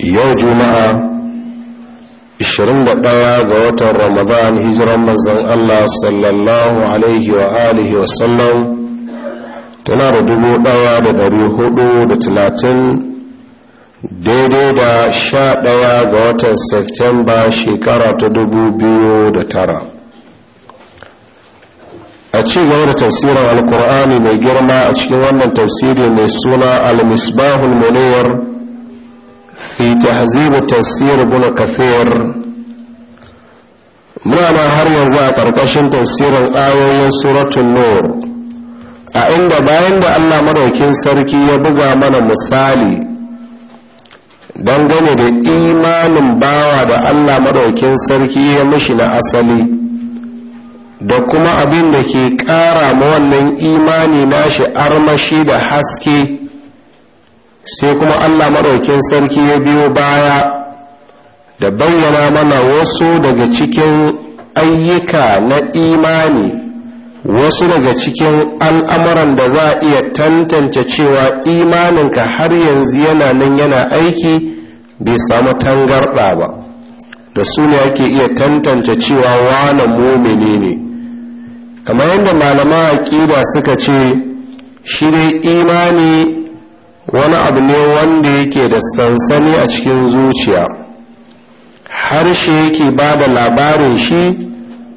yau juma'a 21 ga watan ramadan hijiran manzan allah sallallahu alaihi wa alihi wa sallam tana da dubu ɗaya da dari hudu da talatin daidai da sha ɗaya ga watan septemba shekara ta dubu biyu da tara a ci gaba da tafsirin alkur'ani mai girma a cikin wannan tafsiri mai suna al-misbahul munawar fi tahzibu tafsir ibn kathir muna har yanzu a ƙarƙashin tafsirin ayoyin suratul nur a inda bayan da Allah madaukin sarki ya buga mana misali dangane da imanin bawa da Allah madaukin sarki ya mishi na asali da kuma abin da ke ƙara ma wannan imani nashi armashi da haske sai kuma allah maɗaukin sarki ya biyo baya da bayyana mana wasu daga cikin ayyuka na imani wasu daga cikin al'amuran da za a iya tantance cewa imaninka har yanzu yana nan yana aiki bai samu tangarɗa ba da su ne ake iya tantance cewa wane mumini ne kamar yadda malaman aƙida suka ce shi dai imani wani abu ne wanda yake da sansani a cikin zuciya harshe yake ba da labarin shi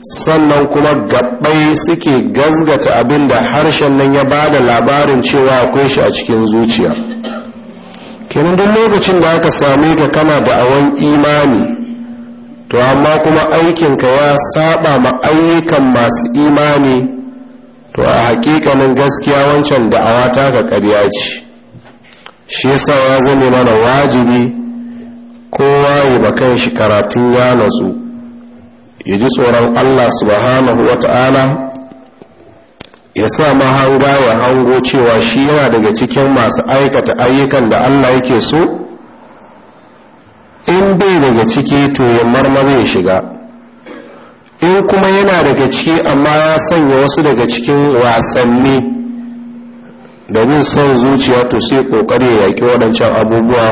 sannan kuma gabbai suke gazgata abin da harshen nan ya ba da labarin cewa akwai shi a cikin zuciya kenan duk lokacin da aka same ka kana da awon imani to amma kuma aikinka ya saba ma ayyukan masu imani to a hakikanin gaskiya wancan da'awa ta ka ƙarya ce shi yasa ya zame mana wajibi kowa ya ba kan shi karatun ya nasu ya ji tsoron allah subhanahu wa ya sa mahanga ya hango cewa shi yana daga cikin masu aikata ayyukan da allah yake so in bai daga ciki to ya marmari ya shiga in kuma yana daga ciki amma ya sanya wasu daga cikin wasanni domin son zuciya to sai kokari ya yaki waɗancan abubuwa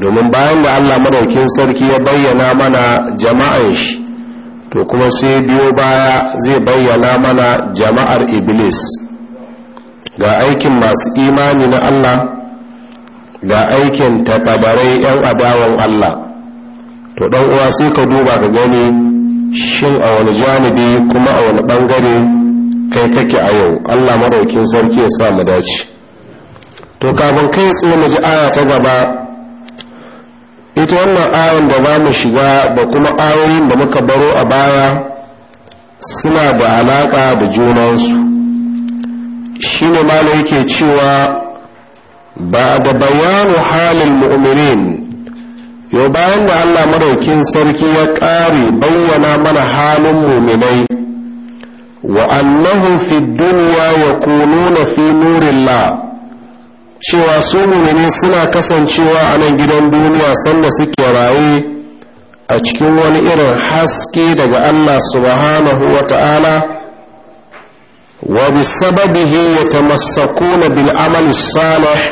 domin bayan da allah madaukin sarki ya bayyana mana jama'an shi to kuma sai biyo baya zai bayyana mana jama'ar iblis ga aikin masu imani na allah ga aikin takabarai 'yan adawan allah to ɗan uwa sai ka duba ka gani shin a wani janibi kuma a wani ɓangare kai kake a yau allah maraukin sarki ya sa mu dace to kafin kai tsaye mu ji aya ta gaba ita wannan ayan da ba mu shiga da kuma ayoyin da muka baro a baya suna da alaƙa da junansu shi ne mana yake cewa ba da bayanu halin mu'minin yau bayan da allah maraukin sarki ya ƙare bayyana mana halin muminai wa في الدنيا يكونون في نور الله cewa su mumini suna kasancewa a nan gidan duniya sanda suke raye a cikin wani irin haske daga Allah subhanahu wa ta'ala wa bisababihi ya tamassakuna bil amali salih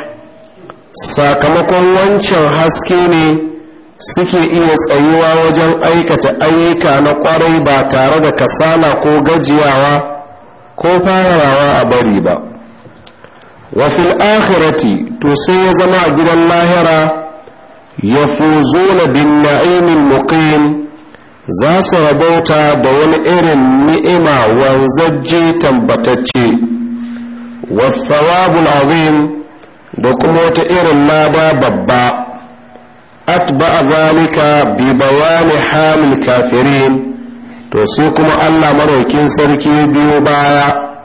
sakamakon wancan haske ne suke iya tsayuwa wajen aikata ayyuka na kwarai ba tare da kasala ko gajiyawa ko farawa a bari ba wafil akhirati to sai ya zama a gidan lahira ya na bin na'imin muqim za su rabauta da wani irin ni'ima wanzajje tambatacce wa wasawabul azim da kuma wata irin lada babba atba'a ذلك bi حال الكافرين kafirin to sai kuma Allah maraukin sarki biyo baya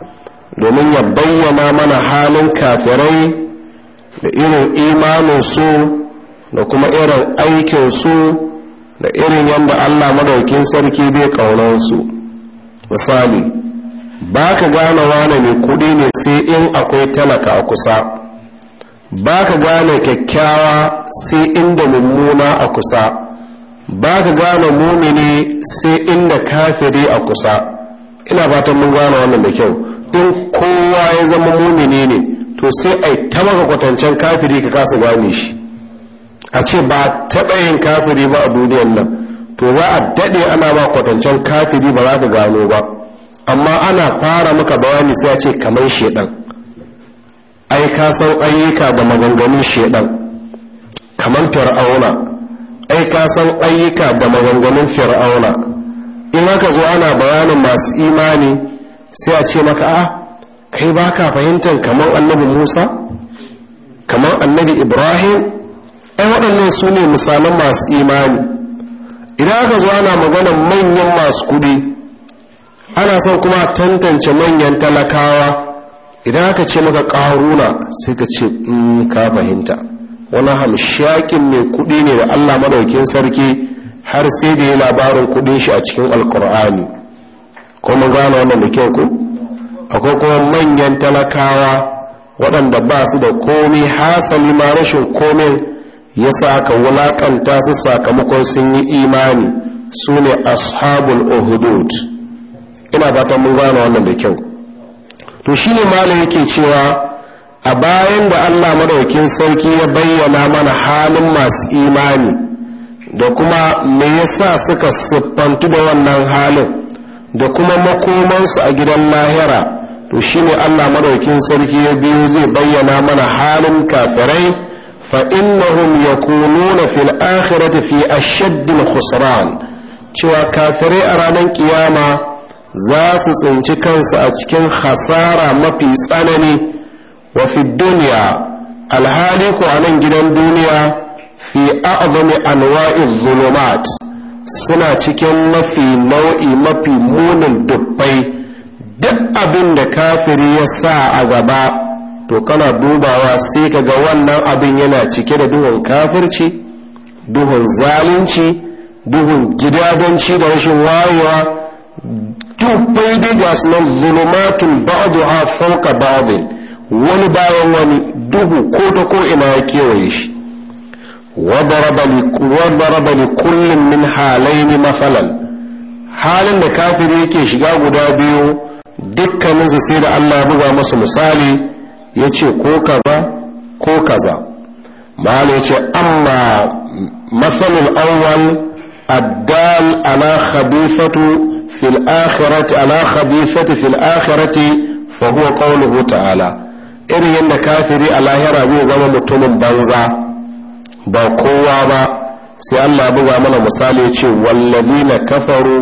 domin ya bayyana mana halin kafirai da irin imaninsu da kuma irin aikinsu da irin yadda Allah maraukin sarki bai su misali ba ka gane wane mai kuɗi ne sai in akwai talaka a kusa ba ka gane kyakkyawa sai inda mummuna a kusa ba ka gane mumini sai inda kafiri a kusa ina fatan mun gane wannan da kyau in kowa ya zama mumini ne to sai a ta maka kwatancen kafiri ka kasa gane shi a ce ba taɓa yin kafiri ba a duniyan nan to za a daɗe ana ba kwatancen kafiri ba za ka gano ba amma ana fara maka bayani sai a ce kamar shedan ai ka san ayyuka da maganganun shedan kamar fir'auna ai ka san ayyuka da maganganun fir'auna in aka zo ana bayanin masu imani sai a ce maka a kai ba ka fahimtar kamar annabi musa kamar annabi ibrahim ai waɗannan su ne misalan masu imani idan aka zo ana maganar manyan masu kudi ana son kuma tantance manyan talakawa idan aka ce maka ƙaruna sai ka ce in mm, ka fahimta wani hamshakin mai kuɗi ne da allah madaukin sarki har sai da ya labarin kuɗin shi a cikin alkur'ani kuma gane wannan da kyau ku akwai kuma manyan talakawa waɗanda ba su da komi hasali ma rashin komai ya sa aka wulaƙanta su sakamakon sun yi imani su ne ashabul uhudud ina fatan mun gane wannan da kyau to shi ne malam yake cewa a bayan da allah madaukin sarki ya bayyana mana halin masu imani da kuma me yasa suka siffantu da wannan halin da kuma makomansu a gidan lahira to shi ne allah madaukin sarki ya biyo zai bayyana mana halin kafirai fa innahum yakununa fil akhirati fi ashaddil khusran cewa kafirai a ranar kiyama za su tsinci kansu a cikin hasara mafi tsanani wa fi duniya alhali ko a nan gidan duniya fi a'zami zulumat suna cikin mafi nau'i mafi munin dubbai duk abin da kafiri ya sa a gaba to kana dubawa sai ka ga wannan abin yana cike da duhun kafirci duhun zalunci duhun gidadanci da rashin wayewa dubbai dai gasu su nan zulumatun a fauka ba'din wani bayan wani duhu ko ta ko ina ya kewaye shi wadda kullum min halaini masalan halin da kafiri yake shiga guda biyu dukkaninsu sai da Allah buga masu misali ya ce ko kaza ko kaza ma'ana ya ce amma masalul awwal الدال على fil في الآخرة على خبيثة في الآخرة فهو قوله تعالى irin yadda kafiri a lahira zai zama mutumin banza ba kowa ba sai Allah buga mana misali ce wallabi na kafaru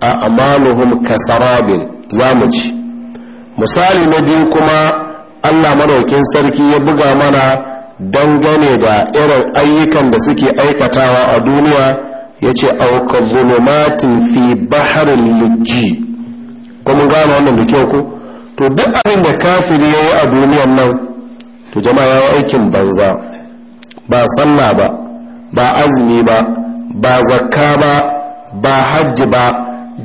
a amaluhum kasarabin za mu ci misali na biyu kuma Allah maraukin sarki ya buga mana dangane da irin ayyukan da suke aikatawa a duniya ya ce auka zulumatin fi baharin lujji kuma gano wannan da kyau ko to duk abin da kafiri ya yi a duniyan nan to jama'a ya aikin banza ba sallah ba ba azumi ba ba zakka ba ba hajji ba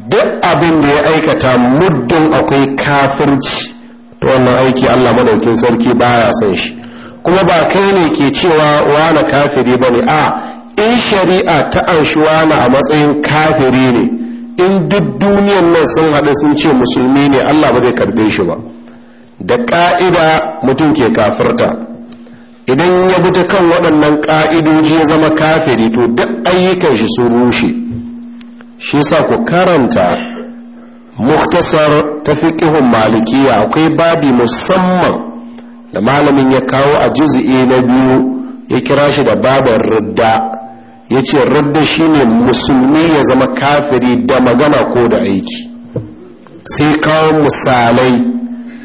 duk abin da ya aikata muddin akwai kafirci to wannan aiki allah madaukin sarki baya son shi kuma ba kai ne ke cewa wane kafiri ba ne a in shari'a ta anshuwana a matsayin kafiri ne in duk duniyan nan sun haɗu sun ce musulmi ne allah ba zai karɓe shi ba da ƙa'ida mutum ke kafirta idan ya bi ta kan waɗannan ƙa'idoji ya zama kafiri to duk ayyukan shi sun rushe shi sa ku karanta muktasar ta fiƙihun malikiya akwai babi musamman da malamin ya kawo a juzi'i na biyu ya kira shi da babar ridda ya ce radda shine musulmi ya zama kafiri da magana ko da aiki sai kawo misalai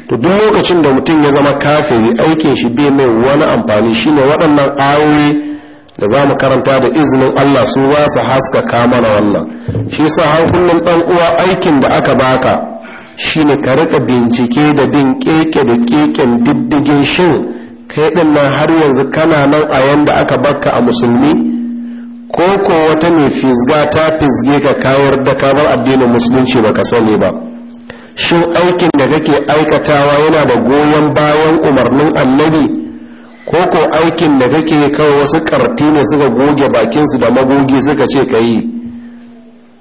to duk lokacin da mutum ya zama kafiri aikin shi bai mai wani amfani shine waɗannan ayoyi da za mu karanta da izinin Allah su za su haska mana wannan shi sa hankulin ɗan uwa aikin da aka baka shine ka rika bincike da bin keke da keken diddigin shin kai ɗin nan har yanzu kana nan a yanda aka baka a musulmi ko ko wata mai fizga ta fizge ka kayar da kamar addinin musulunci baka sani ba shin aikin da kake aikatawa yana da goyon bayan umarnin annabi ko ko aikin da kake kawai wasu karti ne suka goge bakinsu da magogi suka ce ka yi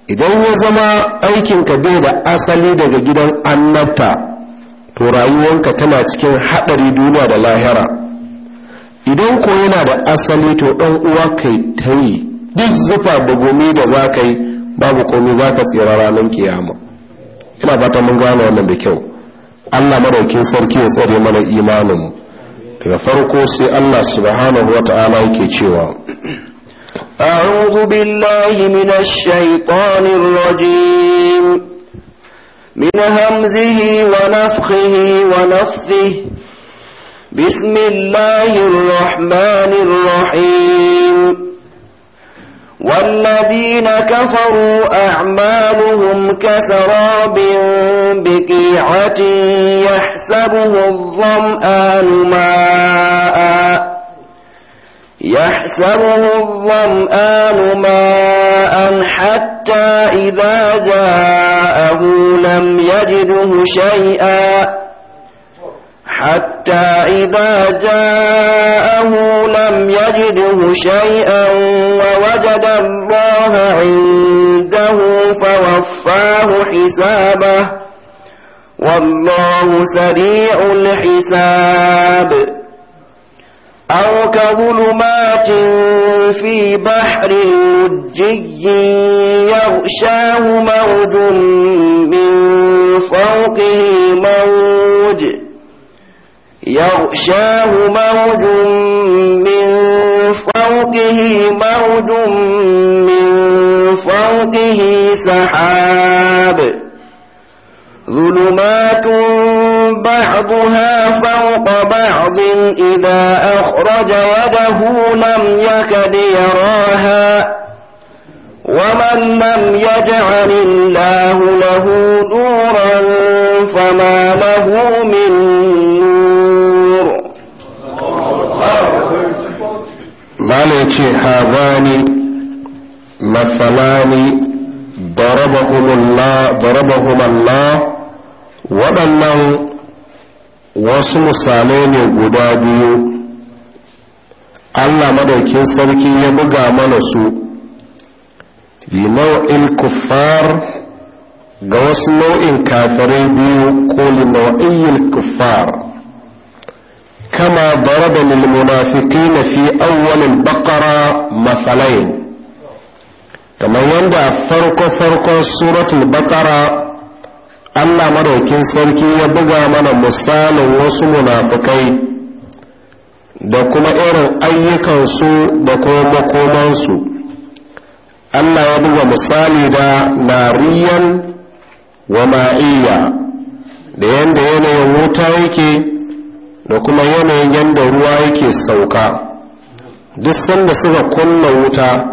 idan ya zama aikinka bai da asali daga gidan annabta to rayuwanka tana cikin haɗari duniya da lahira idan ko yana da asali to ɗan uwa kai ta yi duk zufa da gumi da za ka yi babu komi za ka tsira ranar kiyama ina fata mun gane wannan da kyau allah maraukin sarki ya tsare mana imanin daga farko sai allah subhanahu wa ta'ala yake cewa أعوذ بالله من الشيطان الرجيم من همزه ونفخه ونفثه بسم الله الرحمن الرحيم والذين كفروا أعمالهم كسراب بقيعة يحسبه الظمآن ماءً يحسبه الظمآن ماء حتى إذا جاءه لم يجده شيئا حتى إذا جاءه لم يجده شيئا ووجد الله عنده فوفاه حسابه والله سريع الحساب أو كظلمات في بحر لجي يغشاه موج من فوقه موج يغشاه موج من فوقه موج من فوقه سحاب ظلمات بعضها فوق بعض إذا أخرج وده لم يكد يراها ومن لم يجعل الله له نورا فما له من نور mala ya ce hazani masalani darabahum Allah waɗannan wasu misalai ne guda biyu Allah madaukin sarki ya buga mana su nau'in kuffar ga wasu nau'in kafirai biyu ko limau'il kuffar Kama bara كما ضرب للمنافقين في أول البقرة مثلين yadda a farko farkon suratun baƙara, Allah madaukin sarki ya buga mana misalin wasu munafukai da kuma irin ayyukansu da kuma makomansu Allah ya buga misali da nariyan wama'iyya, da yadda yanayin wuta yake da kuma yanayin yadda ruwa yake sauka duk sanda suka kunna wuta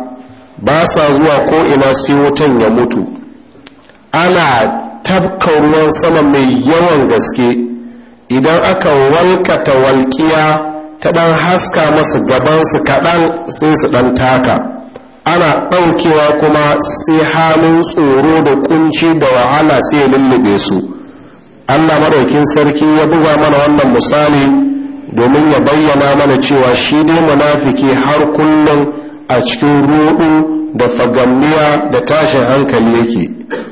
ba sa zuwa ko'ina ina sai wutan ya mutu ana tabka ruwan sama mai yawan gaske idan aka walkata walkiya ta ɗan haska masu gabansu kaɗan sai su ɗan taka ana ɗaukewa kuma sai halin tsoro da kunci da wahala sai lullube su allah maɗaukin sarki ya buga mana wannan misali domin ya bayyana mana cewa shi dai munafiki har kullum a cikin ruɗu da fagamniya da tashin hankali yake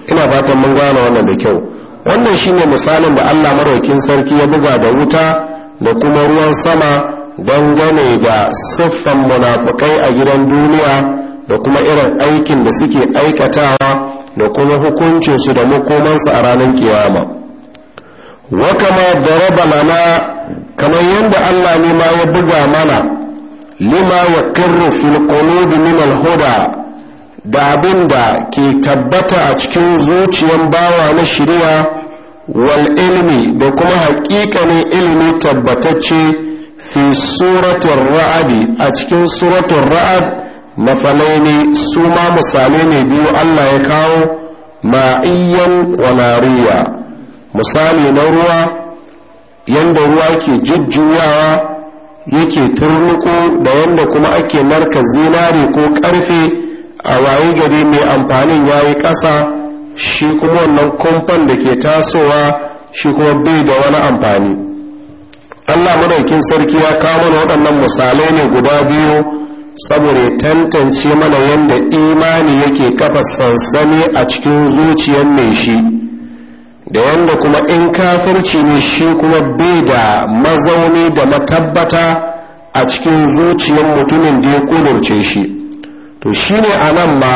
ina fatan mun gane wannan da kyau wannan shine misalin da allah maɗaukin sarki ya buga da wuta da kuma ruwan sama dangane da siffan munafukai a gidan duniya da kuma irin aikin da suke aikatawa da kuma hukuncinsu da mukomansu a ranar kiyama. wa kama daraba lana kamar yadda Allah ne ma ya buga mana lima wa qirru fil qulubi min al huda da abin da ke tabbata a cikin zuciyan bawa na shiriya wal ilmi da kuma haƙiƙanin ilmi tabbatacce fi suratul ra'adi a cikin suratul ra'ad matsalai ne su ma misalai ne biyu Allah ya kawo ma'iyyan ƙwanariya misali na ruwa yanda ruwa ke jujjuyawa yake turnuko da yanda kuma ake narka zinare ko karfe a waye gari mai amfanin yayi ƙasa shi kuma wannan kumfan da ke tasowa shi kuma bai da wani amfani allah madaukin sarki ya kawo mana waɗannan misalai ne guda biyu saboda tantance mana yadda imani yake kafa sansani a cikin zuciyar mai shi da yanda kuma in kafirci ne shi kuma bai da mazauni da matabbata a cikin zuciyar mutumin da ya kudurce shi to shi ne a nan ma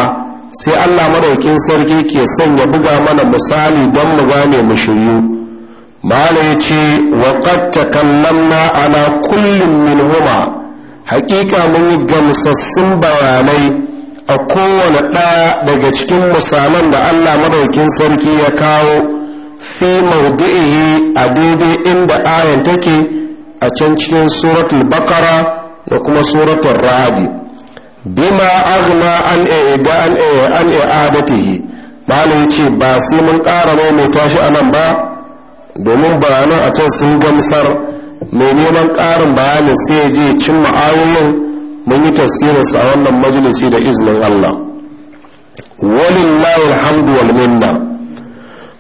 sai allah maraikin sarki ke son ya buga mana misali don mu gane mu shiryu mala ya ce waƙad takallamna ala kullum min huma haƙiƙa mun yi gamsassun bayanai a kowane ɗaya daga cikin misalan da allah maraikin sarki ya kawo fi mawdu'ihi a daidai inda ayan take a can cikin suratul bakara da kuma suratul rabi bima aghna an a'ida an an i'adatihi malai ce ba sai mun ƙara mai shi tashi anan ba domin bayanan a can sun gamsar mai neman ƙarin bayanin sai je cin ma'ayoyin mun yi tafsirin a wannan majalisi da iznin Allah walillahi alhamdu wal minna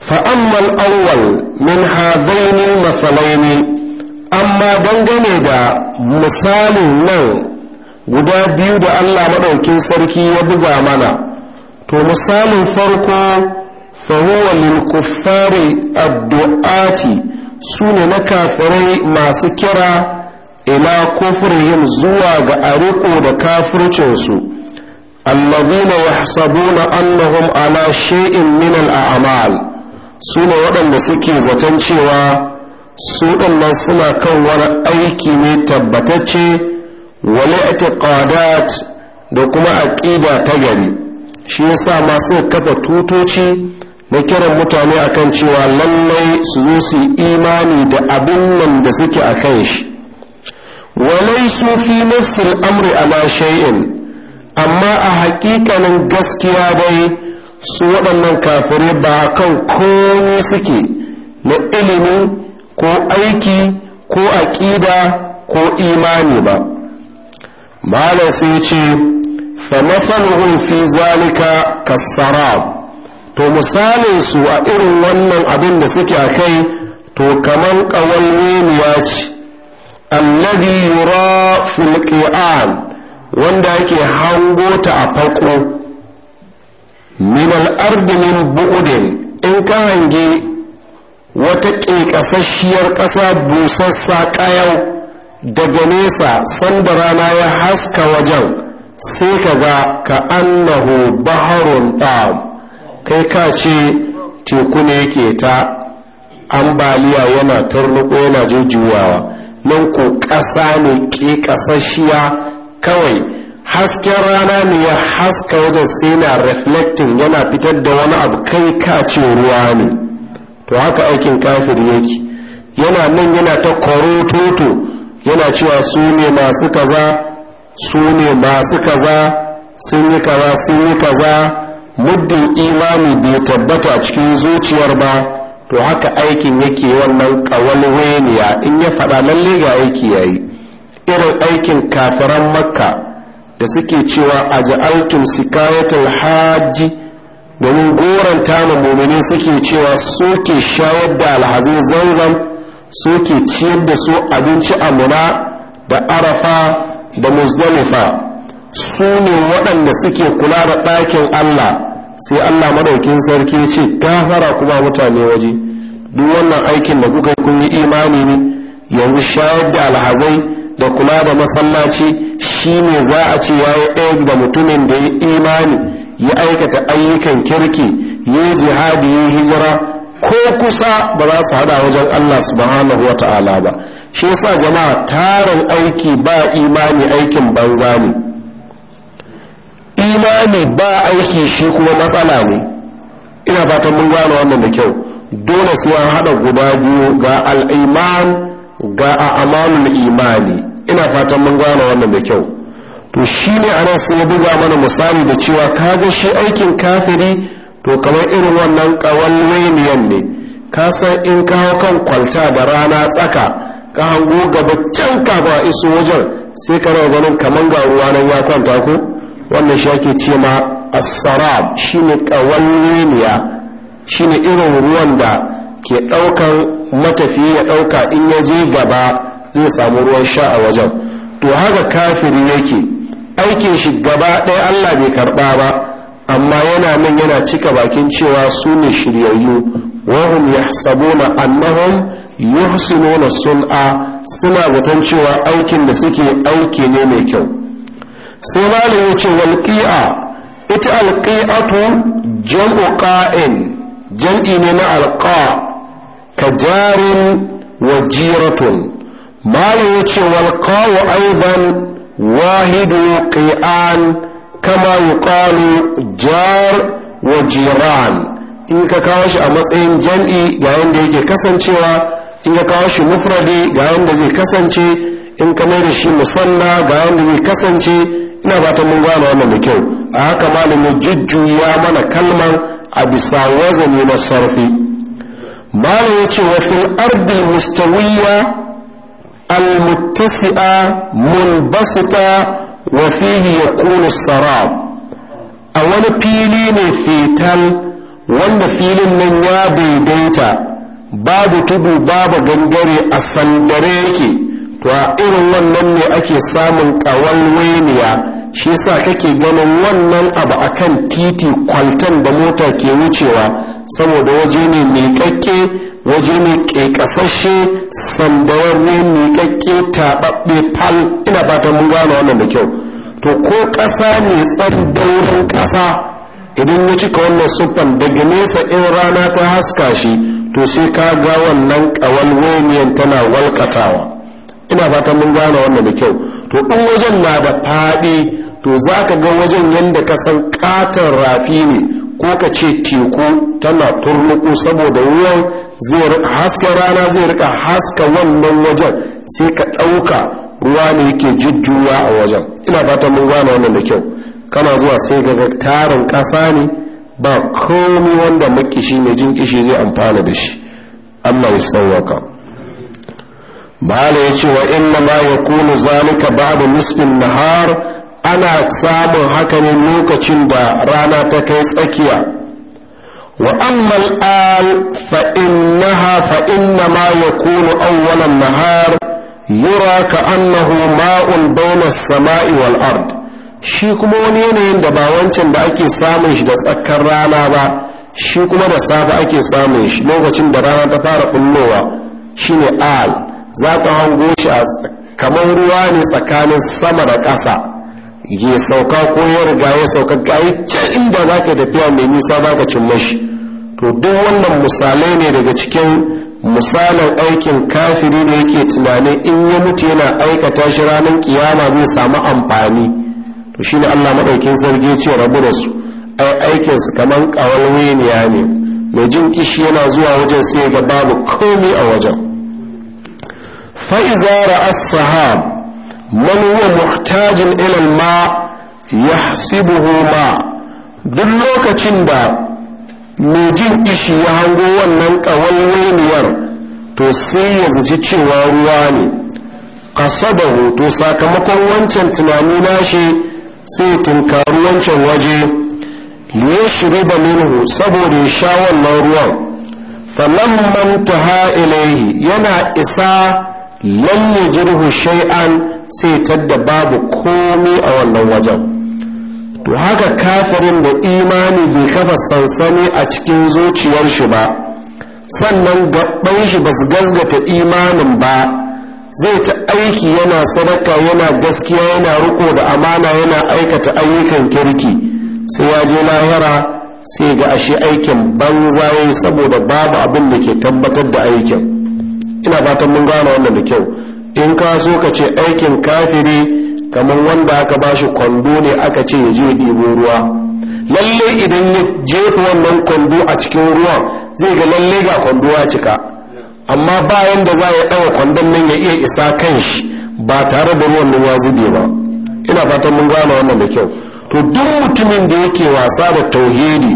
فأما الأول من هذين المثلين أما dangane da misalin nan guda biyu da Allah maɗaukin sarki ya buga mana to misalin farko fahuwa lil kuffari addu'ati su ne na kafirai masu kira ila kufrihim zuwa ga ariko da kafircinsu allazina yahsabuna annahum ala shay'in min al a'mal su ne waɗanda suke zaton cewa su ɗannan suna kan wani aiki ne tabbatacce wale itiqadat da kuma aƙida ta gari shi yasa masu kafa tutoci na kiran mutane akan cewa lallai su zo su imani da abin nan da suke a kan shi walai su fi nafsin amri ala shay'in amma a hakikanin gaskiya bai. su waɗannan kafirai ba kan komi suke na ilimi ko aiki ko aƙida ko imani ba malam sai ce famafaluhun fi zalika kassara to misalin su a irin wannan abin da suke a kai to kaman nemiya ce allabi yura fulƙi'an wanda ake hango ta a fako min al'ardi min bu'udin in ka hange wata ƙeƙasasshiyar ƙasa busassa ƙayau daga nesa sanda rana ya haska wajen sai ka ga ka annahu baharun ɗam kai ka ce teku ne yake ta ambaliya yana tarnuko yana jujjuwawa nan ko ƙasa ne ƙeƙasasshiya kawai hasken rana ne ya haska wajen sai reflecting yana fitar da wani abu kai kace ruwa ne to haka aikin kafiri yake yana nan yana ta toto yana cewa su ne masu kaza su ne masu kaza sun yi kaza sun yi kaza muddin imani bai tabbata cikin zuciyar ba to haka aikin yake wannan kawalweniya in ya faɗa lalle ga aiki yayi irin aikin kafiran makka da suke cewa a su sikayatul hajji domin goron tama mumini suke cewa suke shawar da alhazin zanzam suke ciyar da su abinci a muna da arafa da muzdalifa su ne waɗanda suke kula da ɗakin allah sai allah madaukin sarki ce gafara kuma mutane waje duk wannan aikin da kuka kun yi imani ne yanzu shayar da alhazai da kula da masallaci Shi ne za a ce ya yi ɗaya da mutumin da ya imani ya aikata ayyukan kirki ya yi jihadi ya hijira ko kusa ba za su hada wajen Allah subhanahu wa ta'ala ba shi yasa jama'a tarin aiki ba imani aikin banza ne imani ba aiki shi kuma matsala ne ina fatan mun gano wannan da kyau dole sai an hada guda biyu ga al'iman ga a a'amalul imani ina fatan mun gane wannan da kyau to shi ne a nan sai ya buga mana misali da cewa kaga shi aikin kafiri to kamar irin wannan wayniyan ne ka san in kawo kan kwalta da rana tsaka ka hango gaba can ka ba iso wajen sai ka rawa ganin kamar ga ruwa nan ya kwanta ko wannan shi ake ce ma asarab shi ne wayniya shi ne irin ruwan da ke ɗaukar matafiya ya ɗauka in ya je gaba zai samu ruwan sha a wajen to haka kafiri yake aikin shi gaba ɗaya allah bai karɓa ba amma yana nan yana cika bakin cewa su ne shiryayyu wahum yahsabuna annahum yuhsinuna sun'a suna zaton cewa aikin da suke aiki ne mai kyau sai malam ya ce ita alƙi'atu jam'u qa'in jam'i ne na alqa ka jarin wa malam ya ce wal qawu aidan wahidu qi'an kama yuqalu jar wa jiran in ka kawo shi a matsayin jam'i ga yanda yake kasancewa in ka kawo shi mufradi ga yanda zai kasance in ka mai da shi musanna ga yanda zai kasance ina fatan mun gane wannan da kyau a haka malam ya jujjuya mana kalmar a bisa wazani na sarfi malam ya ce wa fil ardi mustawiya almuttasi'a munbasita wa fihi yakunu sarab a wani fili ne fetal wanda filin nan ya daidaita babu tudu babu gangare a sandare yake to a irin wannan ne ake samun ƙawar weniya shi sa kake ganin wannan abu akan titi kwaltan da mota ke wucewa saboda waje ne mai kakke waje mai ƙeƙasashe mai kakke taɓaɓɓe fal ina fatan mun gane wannan da kyau to ko ƙasa ne tsar daurin ƙasa idan ya cika wannan siffan daga nesa in rana ta haska shi to sai ka ga wannan ƙawalwemiyan tana walkatawa ina fatan mun gane wannan da kyau to in wajen na da fadi to za ka ga wajen yadda ka san ƙaton rafi ne ko ka ce teku tana turnuku saboda ruwan zai haska rana zai rika haska wannan wajen sai ka ɗauka ruwa ne yake jujjuwa a wajen ina fata mun gane wannan da kyau kana zuwa sai ga tarin ƙasa ne ba komi wanda makishi mai jin kishi zai amfana da shi Allah ya sauwaka bala ya ce wa inna ma yakunu zalika ba'da nisfin nahar ana samun haka ne lokacin da rana ta kai tsakiya wa ammal al fa innaha fa inna ma yakunu awwalan nahar yura ka annahu ma'un bayna samai wal ard shi kuma wani yanayin da ba wancan da ake samun shi da tsakkar rana ba shi kuma da safe ake samun shi lokacin da rana ta fara kullowa shine al za ka hango shi kamar ruwa ne tsakanin sama da ƙasa ya sauka ko ya riga ya sauka ga yi can inda za ka tafiya mai nisa ba ka cimma shi to duk wannan misalai ne daga cikin misalin aikin kafiri da yake tunanin in ya mutu yana aikata shi ranar kiyama zai samu amfani to shi ne allah maɗaukin sarki ce rabu da su ai su kamar ƙawalweniya ne mai jin kishi yana zuwa wajen sai ga babu komi a wajen fa'iza ra'as sahab من هو muhtajin ilal ma يحسبه ma duk lokacin da mai jin ishi ya hango wannan ƙawalwainiyar to sai ya zaci cewa ruwa ne da to sakamakon wancan tunani nashi sai tunkaru wancan waje liya shiriba minhu saboda ya sha wannan ruwan falamman taha ilaihi yana isa lan yajruhu shay'an sai da babu komai a wannan wajen to haka kafirin da imani bai kafa sansani a cikin zuciyar shi ba sannan gaban shi ba su gazgata imanin ba zai ta aiki yana sadaka yana gaskiya yana riko da amana yana aikata ayyukan kirki sai ya je lahira sai ga ashe aikin banza yayi saboda babu abin da ke tabbatar da aikin ina fatan mun gane wannan da kyau in ka so ka ce aikin kafiri kamar wanda aka ba shi kwando ne aka ce ya je ɗibo ruwa lalle idan ya jefa wannan kwando a cikin ruwa zai ga lalle ga kwando ya cika amma bayan da za ya ɗaga kwandon nan ya iya isa kan shi ba tare da ruwan nan ya zube ba ina fatan mun gane wannan da kyau to duk mutumin da yake wasa da tauhidi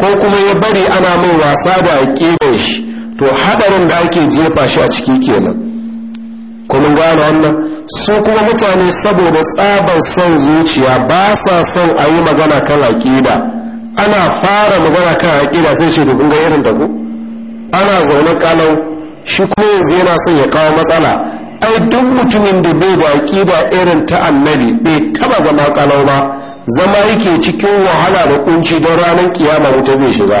ko kuma ya bari ana min wasa da aƙidar shi to hadarin da ake jefa shi a ciki kenan kuma gane wannan su kuma mutane saboda tsaban son zuciya ba sa son a yi magana kan aƙida ana fara magana kan aƙida sai shi dukun ga irin da ana zaune kalau shi kuma yanzu yana son ya kawo matsala ai duk mutumin da bai da aƙida irin ta annabi bai taba zama kalau ba zama yake cikin wahala da kunci don ranar kiyama wuta zai shiga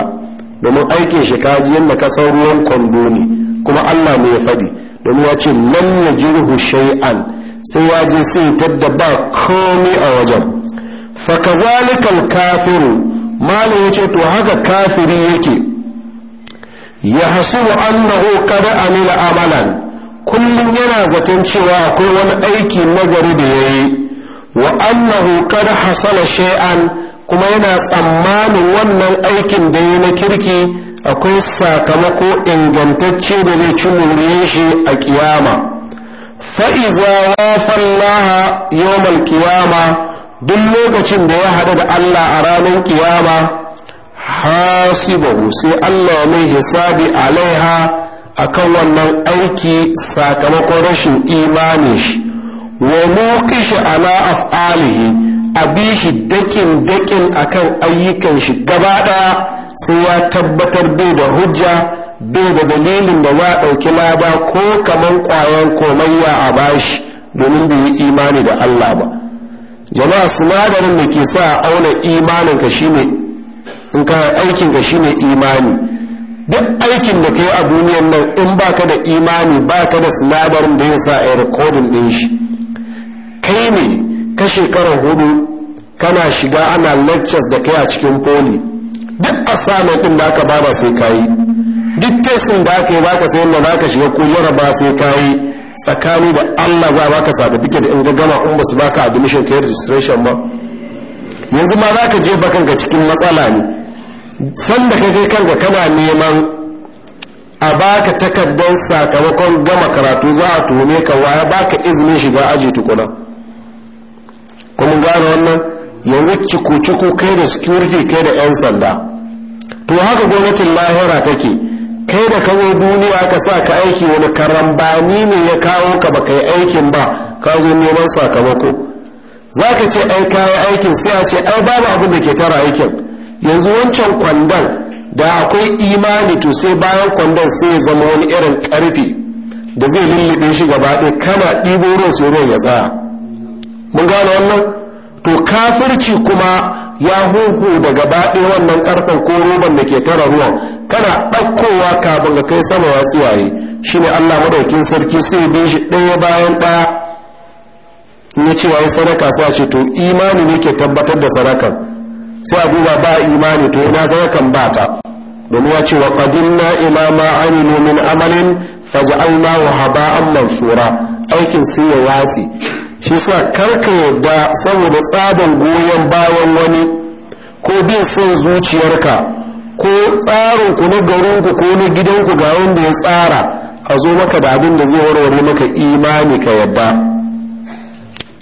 domin aikin shi kaji yadda ka ruwan kwando ne kuma allah ne ya faɗi domin ya ce lam yajruhu shay'an sai ya ji sai tadda ba komi a wajen fa kazalika al-kafiru malam yace to haka kafiri yake ya hasu annahu qad amila amalan kullum yana zaton cewa akwai wani aiki nagari da yayi wa annahu qad hasala shay'an kuma yana tsammanin wannan aikin da yi na kirki akwai sakamako ingantacce da zai ci muriyar shi a kiyama fa'iza wafallaha yawmal kiyama duk lokacin da ya haɗu da Allah a ranar kiyama hasibahu sai Allah mai hisabi alaiha akan wannan aiki sakamakon rashin imani shi wa muqishi ala af'alihi bi shi dakin dakin akan ayyukan shi gaba ɗaya sai ya tabbatar bai da hujja bai da dalilin da za a ɗauki lada ko kaman ƙwayan komayya a bashi domin bai yi imani da Allah ba jama'a sinadarin da ke sa a auna imanin ka shine in ka aikin ka shine imani duk aikin da kai a duniyar nan in baka da imani baka da sinadarin da ya sa a rikodin ɗin shi kai ne ka shekara hudu kana shiga ana lectures da kai a cikin poli duk assignment ɗin da aka ba sai kayi duk tesin da aka yi baka sai yadda zaka shiga ko ba sai kayi tsakani da Allah za baka certificate in ga gama in ba baka admission kai registration ba yanzu ma zaka je ba kanka cikin matsala ne san da kai kanka kana neman a baka takardar sakamakon gama karatu za a tuhume ka waya baka izinin shiga aji tukuna kuma gane wannan yanzu ciku kai da security kai da 'yan sanda to haka gwamnatin lahira take kai da kawo duniya ka sa ka aiki wani karambani ne ya kawo ka ba kai aikin ba ka zo neman sakamako za ka ce ai kayan aikin sai a ce ai babu abin da ke tara aikin yanzu wancan kwandon da akwai imani to sai bayan kwandon sai ya zama wani irin karfi da zai lullube shi gaba ɗaya kana ɗibo ruwan su ya tsaya mun gane wannan to kafirci kuma ya huhu daga baɗe wannan ƙarfen ko roban da ke tara ruwan kana ɗaukowa kafin ka kai sama ya tsiwaye shine Allah madaukin sarki sai bin shi ɗaya bayan ɗaya cewa ya ce wai sadaka sa ce to imani ne ke tabbatar da sadakar sai a duba ba imani to ina sadakan ba ta domin ya ce wa qadimna ila ma amilu min amalin faj'alnahu haba'an mansura aikin sai ya watsi shi sa karka yadda saboda tsaban goyon bayan wani ko bin son zuciyarka ko tsarin ku na garinku ko na gidanku ga wanda ya tsara a zo maka da abin da zai warware maka imani ka yadda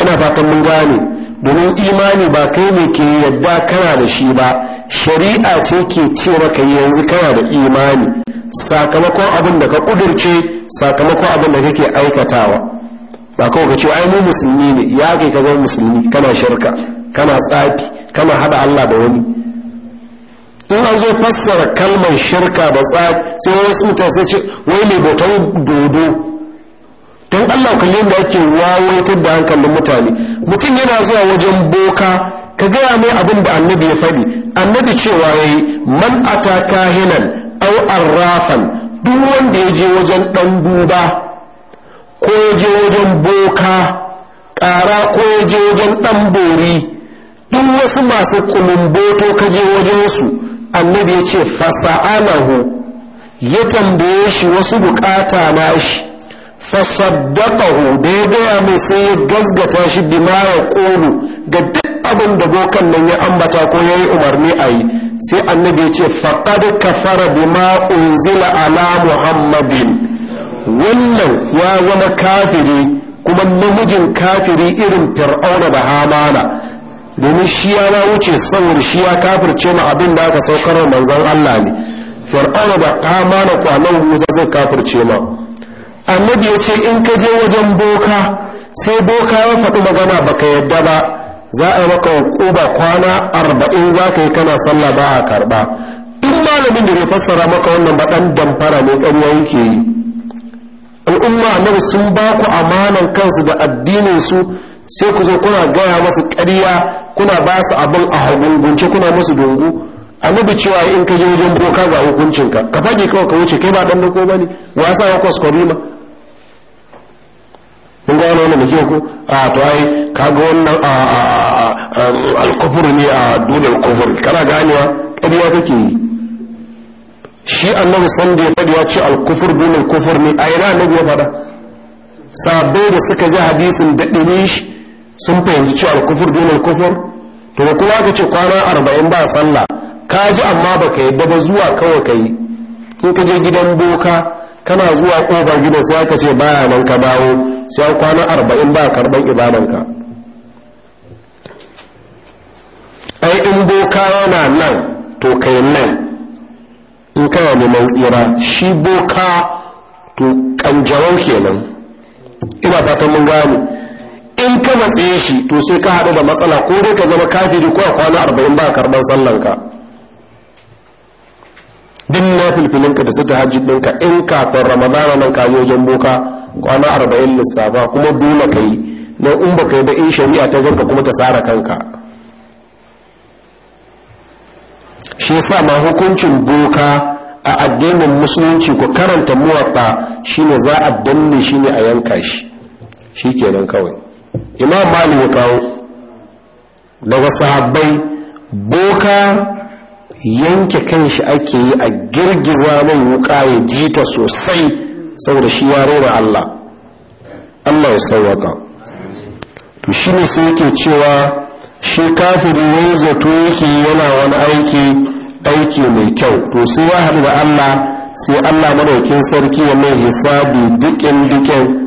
ina fatan mun gane domin imani ba kai ne ke yadda kana da shi ba shari'a ce ke ce maka yanzu kana da imani sakamakon abin da ka kudirce sakamakon abin da kake aikatawa ba kawai ka ce ai mu musulmi ne ya kai ka zama musulmi kana shirka kana tsafi kana hada Allah da wani in an zo fassara kalmar shirka da tsafi sai wasu mutane sai ce wai mai bautan dodo don Allah kalli da ake wawaitar da hankalin mutane mutum yana zuwa wajen boka ka gaya mai abin da annabi ya faɗi annabi cewa ya yi man ta kahinan au rafan duk wanda ya je wajen ɗan duba ko je wajen boka ƙara ko je wajen ɗan bori duk wasu masu kulumboto ka je wajensu annabi ya ce fasa'anahu ya tambaye shi wasu bukata na shi fasaddaqahu da ya gaya mai sai ya gazgata shi bima kolu ga duk abin da bokan nan ya ambata ko ya yi umarni a yi sai annabi ya ce ka fara bima unzila ala muhammadin wannan ya zama kafiri kuma namijin kafiri irin fir'auna da hamana domin shi ya na wuce saboda shi ya kafirce ma abin da aka saukar wa manzon Allah ne fir'auna da hamana kwanan musa zai kafirce ma annabi ya ce in ka je wajen boka sai boka ya faɗi magana baka yadda ba za a yi maka hukuba kwana arba'in za ka yi kana sallah ba a karɓa duk malamin da ya fassara maka wannan ba damfara ne ƙarya yake yi al'umma annabi sun ba ku amanan kansu da addinin su sai ku zo kuna gaya masu ƙarya kuna ba su abin a hagungunce kuna musu dungu annabi cewa in ka je wajen boka ga hukuncinka ka fage kawai ka wuce kai ba dan dako bane wasa ya kwari ma in ga wani da ku a to ai kaga wannan alkufur ne a duniyar kufur kana ganewa ƙarya kake yi shi annabi san da ya faɗi ya ce alkufur dunin kufur ne a yana annabi ya faɗa sabai da suka ji hadisin daɗini shi sun fahimci ce alkufur dunin kufur to da kuma ka ce kwana arba'in ba sallah ka ji amma ba ka yadda ba zuwa kawai ka yi in ka je gidan boka kana zuwa ƙofar gidan sai aka ce baya nan ka dawo sai kwana arba'in ba karɓar ibadanka ai in boka yana nan to kai nan in kana neman tsira shi boka to kanjarau kenan ina fatan mun gane in ka matse shi to sai ka haɗu da matsala ko dai ka zama kafiri ko a kwana arba'in ba karɓar ka din na filfilinka da sita hajji ɗinka in kafin ramadana nan ka wajen boka kwana arba'in lissafa kuma dole ka yi na in ba ka yi da in shari'a ta zarka kuma ta tsara kanka shi yasa ma hukuncin boka a addinin musulunci ku karanta muwaɗa shine za a danne shi a yanka shi shi kenan kawai imam mali ya kawo daga sahabbai boka yanke kanshi ake yi a girgiza mai wuka ya jita sosai saboda shi ya rora Allah Allah ya sauwaka to shine sai yake cewa shi kafiri ne zato yake yana wani aiki aiki mai kyau to sai ya haɗu da allah sai allah madaukin sarki ya mai hisabi dukin dukin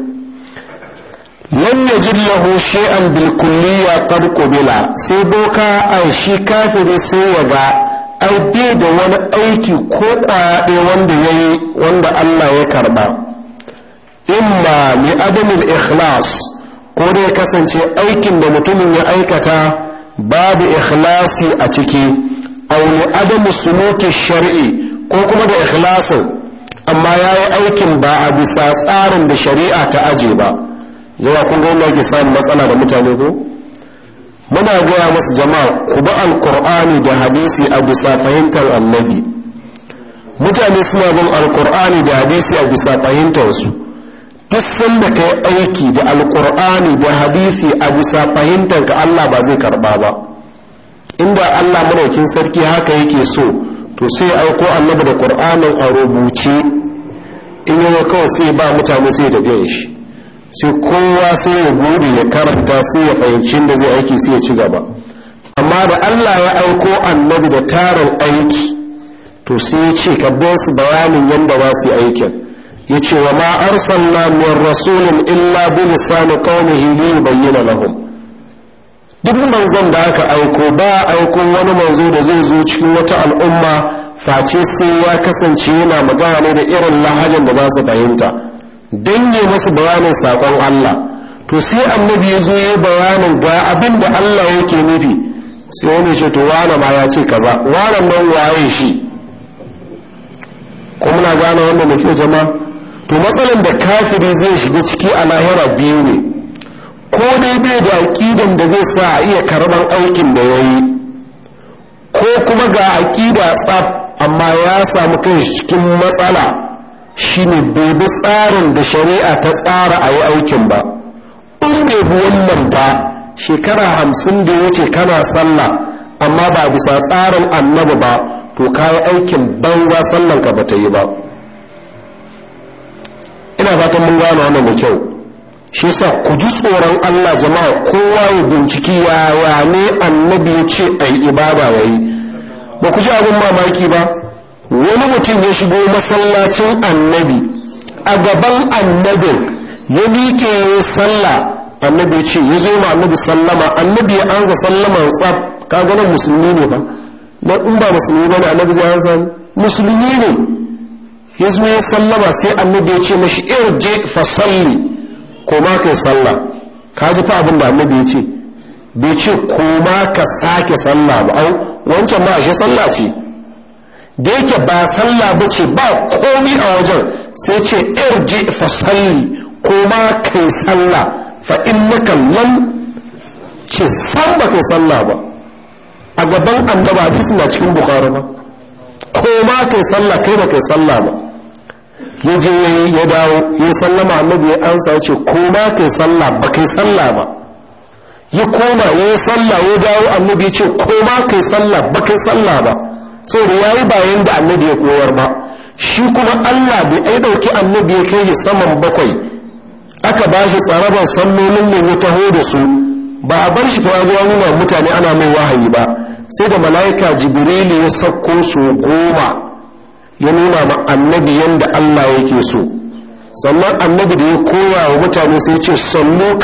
wanda yajid lahu shay'an bil kulliya sai boka ai shi kafiri sai ya ga ai bai da wani aiki ko kwaɗe wanda yayi wanda Allah ya karba imma li adamil ikhlas ko dai kasance aikin da mutumin ya aikata babu ikhlasi a ciki aunu adamu suluki shari'i ko kuma da ikhlasin amma ya yi aikin ba a bisa tsarin da shari'a ta aje ba yawa kunga ga yadda samun matsala da mutane ko muna gaya masu jama'a ku bi alkur'ani da hadisi a bisa fahimtar annabi mutane suna bin alkur'ani da hadisi a bisa fahimtar su fassan da kai aiki da alkur'ani da hadisi a bisa fahimtar ka Allah ba zai karba ba inda Allah madaukin sarki haka yake so to sai auko annabi da qur'anin a rubuce in yawa kawai sai ba mutane sai da gaya shi sai kowa sai ya gode ya karanta sai ya fahimci da zai aiki sai ya ci gaba amma da Allah ya aiko annabi da tarin aiki to sai ya ce ka bayanin yadda ba su aikin yace wa ma arsalna min rasulin illa bi lisani qawmihi li yubayyana lahum duk manzon da aka aiko ba aiko wani manzo da zai zo cikin wata al'umma face sai ya kasance yana magana ne da irin lahajin da za su fahimta don ne masu bayanin sakon Allah to sai annabi ya zo ya bayanin ga abin da Allah yake nufi sai wani ce to wane ma ya ce kaza wane nan waye shi kuma na gane wanda muke zama. jama'a to matsalan da kafiri zai shiga ciki a lahira biyu ne ko dai bai da aƙidan da zai sa a iya karɓar aikin da ya yi ko kuma ga aƙida tsaf amma ya samu shi cikin matsala shine bai bi tsarin da shari'a ta tsara ayi yi aikin ba in bai bi wannan ba shekara hamsin da wuce kana sallah amma ba bisa tsarin annabi ba to kayi aikin banza sallan ka bata yi ba ina fatan mun gano wannan da kyau shi sa ku ji tsoron Allah jama'a kowa ya binciki ya ne annabi ya ce ai ibada wa yi ba ku ji abin mamaki ba wani mutum ya shigo masallacin annabi a gaban annabin ya miƙe ya sallah annabi ya ce ya zo ma annabi sallama annabi ya anza sallama tsaf ka nan musulmi ne ba in ba musulmi ba ne annabi zai ansa musulmi ne yazo ya sallama sai annabi ya ce mashi irje fa salli koma kai salla ka ji fa abin da annabi ya ce bai ce koma ka sake salla ba au wancan ba shi salla ce da yake ba salla ba ce ba komi a wajen sai ce irje fa salli koma kai salla fa innaka lam ce san ba kai salla ba a gaban annabi hadisi na cikin bukhari ba koma kai sallah kai ba kai sallah ba yaje ya dawo ya sallama annabi ya ansa ya ce ba kai sallah ba kai sallah ba ya koma ya yi sallah ya dawo annabi ya ce ko ba kai sallah ba kai sallah ba saboda yayi ba bayan da annabi ya koyar ba shi kuma allah bai ai ɗauki annabi ya kai saman bakwai aka ba shi tsaraban sallolin ne ya taho da su ba a bar shi fa zuwa nuna mutane ana mai wahayi ba sai da mala'ika jibrilu ya sauko su goma ya nuna ma annabi yadda Allah yake so sannan annabi da ya koya wa mutane sai ce sallu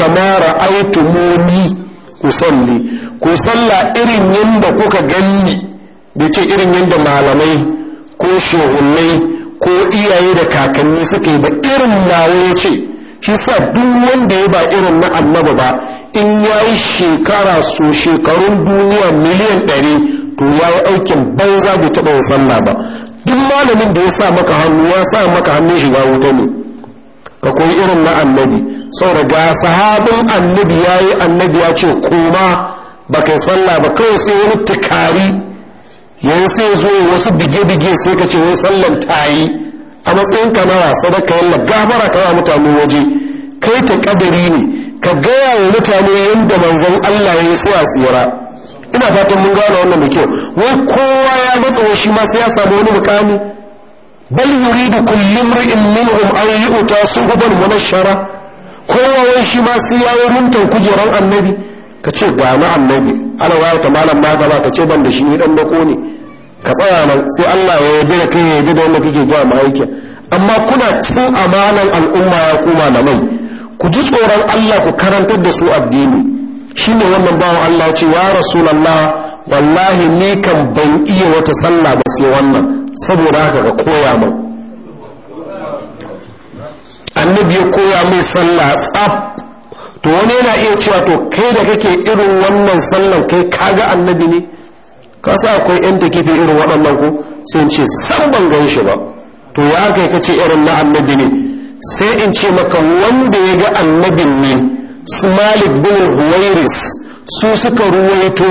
aitu muni ku salli ku salla irin yadda kuka ganni da ce irin yadda malamai ko shehunnai ko iyaye da kakanni suka yi ba irin nawo ya ce shi sa duk wanda ya ba irin na annabi ba in ya yi shekara so shekarun duniya miliyan ɗari to ya yi aikin banza bai taɓa sallah ba duk malamin da ya sa maka hannu ya sa maka hannun shiga wuta ne ka koyi irin na annabi saboda ga sahabin annabi ya yi annabi ya ce koma ba kai sallah ba kawai sai wani tukari yi sai zo wasu bige-bige sai ka ce wai sallan ta yi a matsayin kamara sadaka yalla gabara kawa mutane waje kai ta kadari ne ka gaya wa mutane yadda manzon Allah ya yi a tsira ina fatan mun gane wannan da kyau wai kowa ya matsa shi ma sai ya samu wani mukami bal yuridu kullu imri'in minhum an yu'ta suhuban munashshara kowa wai shi ma sai ya runtan kujeran annabi ka ga na annabi ana wayar ta malam ma ga ta ce ban da shi ni dan bako ne ka tsaya nan sai Allah ya yarda da kai ya yarda da wanda kike zuwa mu aikin amma kuna cin amanan al'umma ya koma da mai ku ji tsoron Allah ku karantar da su addini shi ne wannan bawan Allah ce ya rasulallah wallahi ni kan ban iya wata sallah ba sai wannan saboda haka ka koya min annabi ya koya mai sallah tsaf to wani yana iya cewa to kai da kake irin wannan sallan kai kaga annabi ne ka sa akwai yan da kife irin waɗannan ku? sai in ce san ban gan shi ba to ya kai kace irin na annabi ne sai in ce maka wanda ya ga annabin ne smalik bin huwairis su suka ruwaito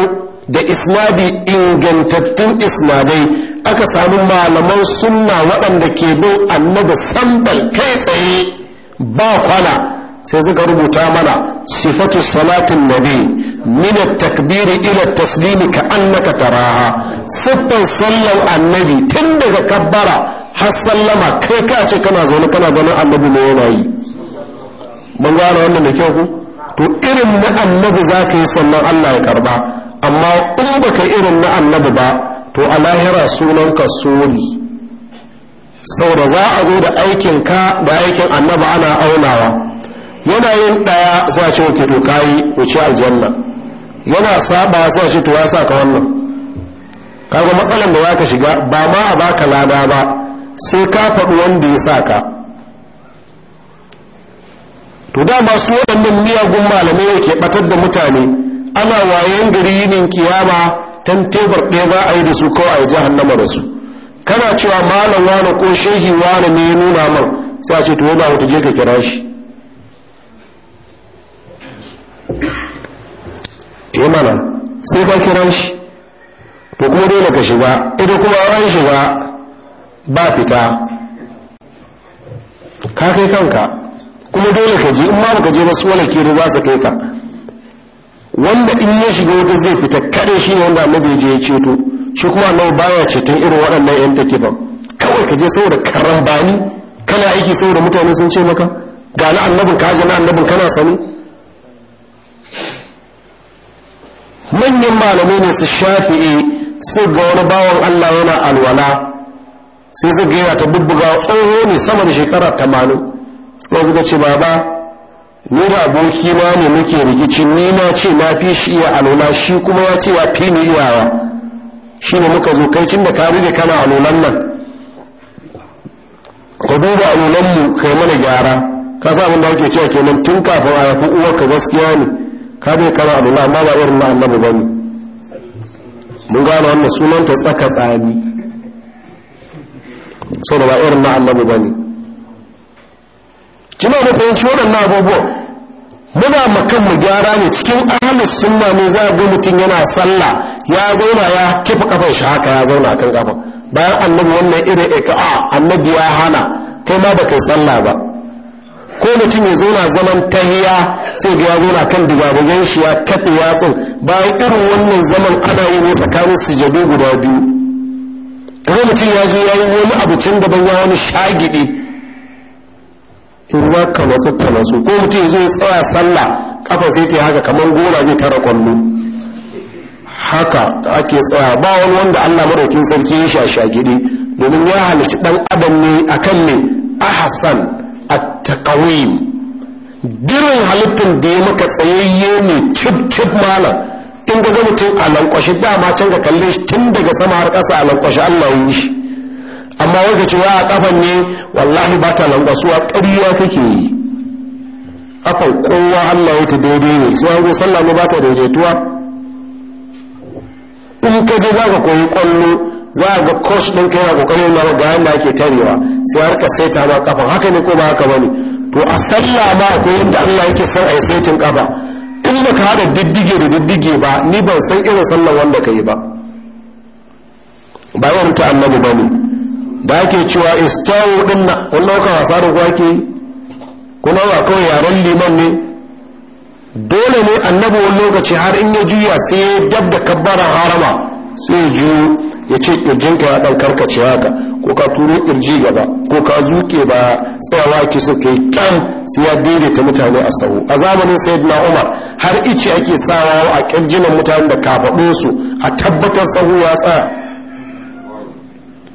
da isnadi ingantattun isnadai aka samu malaman sunna waɗanda ke bin annabi sambal kai tsaye ba kwana sai suka rubuta mana sifatu salatin nabi mina takbiri ila taslimi ka annaka taraha siffan sallar annabi tun daga kabbara har sallama kai ka ce kana zaune kana ganin annabi ne yana yi mun gane wannan da kyau ku to irin na annabi za ka yi sannan allah ya karba amma in baka irin na annabi ba to a lahira sunanka sau da za a zo da aikin ka da aikin annabi ana aunawa yana yin ɗaya za ce wake to yi wuce aljanna yana saba sai ce to ya sa ka wannan kaga matsalan da za ka shiga ba ma a baka lada ba sai ka faɗi wanda ya sa ka to dama su waɗannan miyagun malamai da ke ɓatar da mutane ana wayan gari yinin kiyama tan tebar ɗaya za a yi da su kawai a yi jahannama da su kana cewa malam wani ko shehi wani ne ya nuna man sai a ce to yana wata je ka kira shi ya eh mana sai ka kira shi to kuma dole ka shiga idan kuma ran shiga ba fita ka kai kanka kuma dole ka je in ma baka je ba su wala kere za su kai ka wanda in ya shiga wata zai fita kare shi ne wanda annabi je ya ceto shi kuma annabi baya ceton irin waɗannan yan take ba kawai ka je saboda bani kana aiki saboda mutane sun ce maka ga na annabin ka na annabin kana sani manyan malamai ne su shafi'i sai ga wani bawan Allah yana alwala sai zai gaya ta bubbuga tsoho ne sama da shekara tamanin sai suka ce baba ni da aboki ma ne muke rikici ni na ce na fi shi iya alola shi kuma ya ce ya fi ni iyawa shi ne muka zo kai cin da ka rige kana alolan nan ka duba alolanmu kai mana gyara ka sa abin da ake cewa kenan tun kafin a yafi uwarka gaskiya ne ka bai kana alola amma ba irin na annabi ba ne mun gano wannan sunanta tsaka tsani da ba irin na annabi ba ne kina da fahimci waɗannan abubuwan muna makan mu gyara ne cikin ahlus sunna ne za ga mutum yana sallah ya zauna ya kifa kafan shi haka ya zauna kan kafan bayan annabi wannan irin a ah, annabi ya hana kai ma ba kai sallah ba ko mutum ya zauna zaman tahiya sai ya zauna kan dubabugan shi ya kafe yatsun bayan irin wannan zaman ana yi ne tsakanin sujadu guda biyu ko mutum ya zo ya yi wani abincin daban gaban ya wani shagidi in ya kama su kama su ko mutum zai tsaya sallah kafa sai ta haka kamar gona zai tara kwallo haka ake tsaya ba wani wanda allah maraukin sarki ya gidi domin ya halici dan adam ne a kan ne a Hassan a taqwim dirin halittar da ya maka tsayayye ne cip-cip malam in ga mutum a lankwashe ma can ka kalle shi tun daga sama har ƙasa a lankwashe allah yi shi amma wanda ce wa a kafan ne wallahi ba ta langwasuwa ƙarya kake yi kafan kowa Allah ya ta daidai ne sai an sallah ne ba ta daidaituwa in ka je za ka koyi kwallo za a ga coach ɗin kai na kokari na ga yanda ake tarewa sai har ka saita ma kafan haka ne ko ba haka bane to a sallah ma akwai yanda Allah yake son a saitin kafa in ba ka hada diddige da diddige ba ni ban san irin sallah wanda ka yi ba ba yawan ta annabi ba ne da ake cewa istawo din nan kun dauka wasa da kuwa ke ba kawai yaren liman ne dole ne annabi wani lokaci har in ya juya sai ya dab da kabbaran harama sai ya juyo ya ce kirjinka ya dan karkace haka ko ka turo kirji gaba ko ka zuke ba tsayawa ki so kai kan sai ya daidaita mutane a sahu a zamanin sayyidina umar har ice ake sawa a kirjinan mutane da kafaɗinsu a tabbatar sahu ya tsaya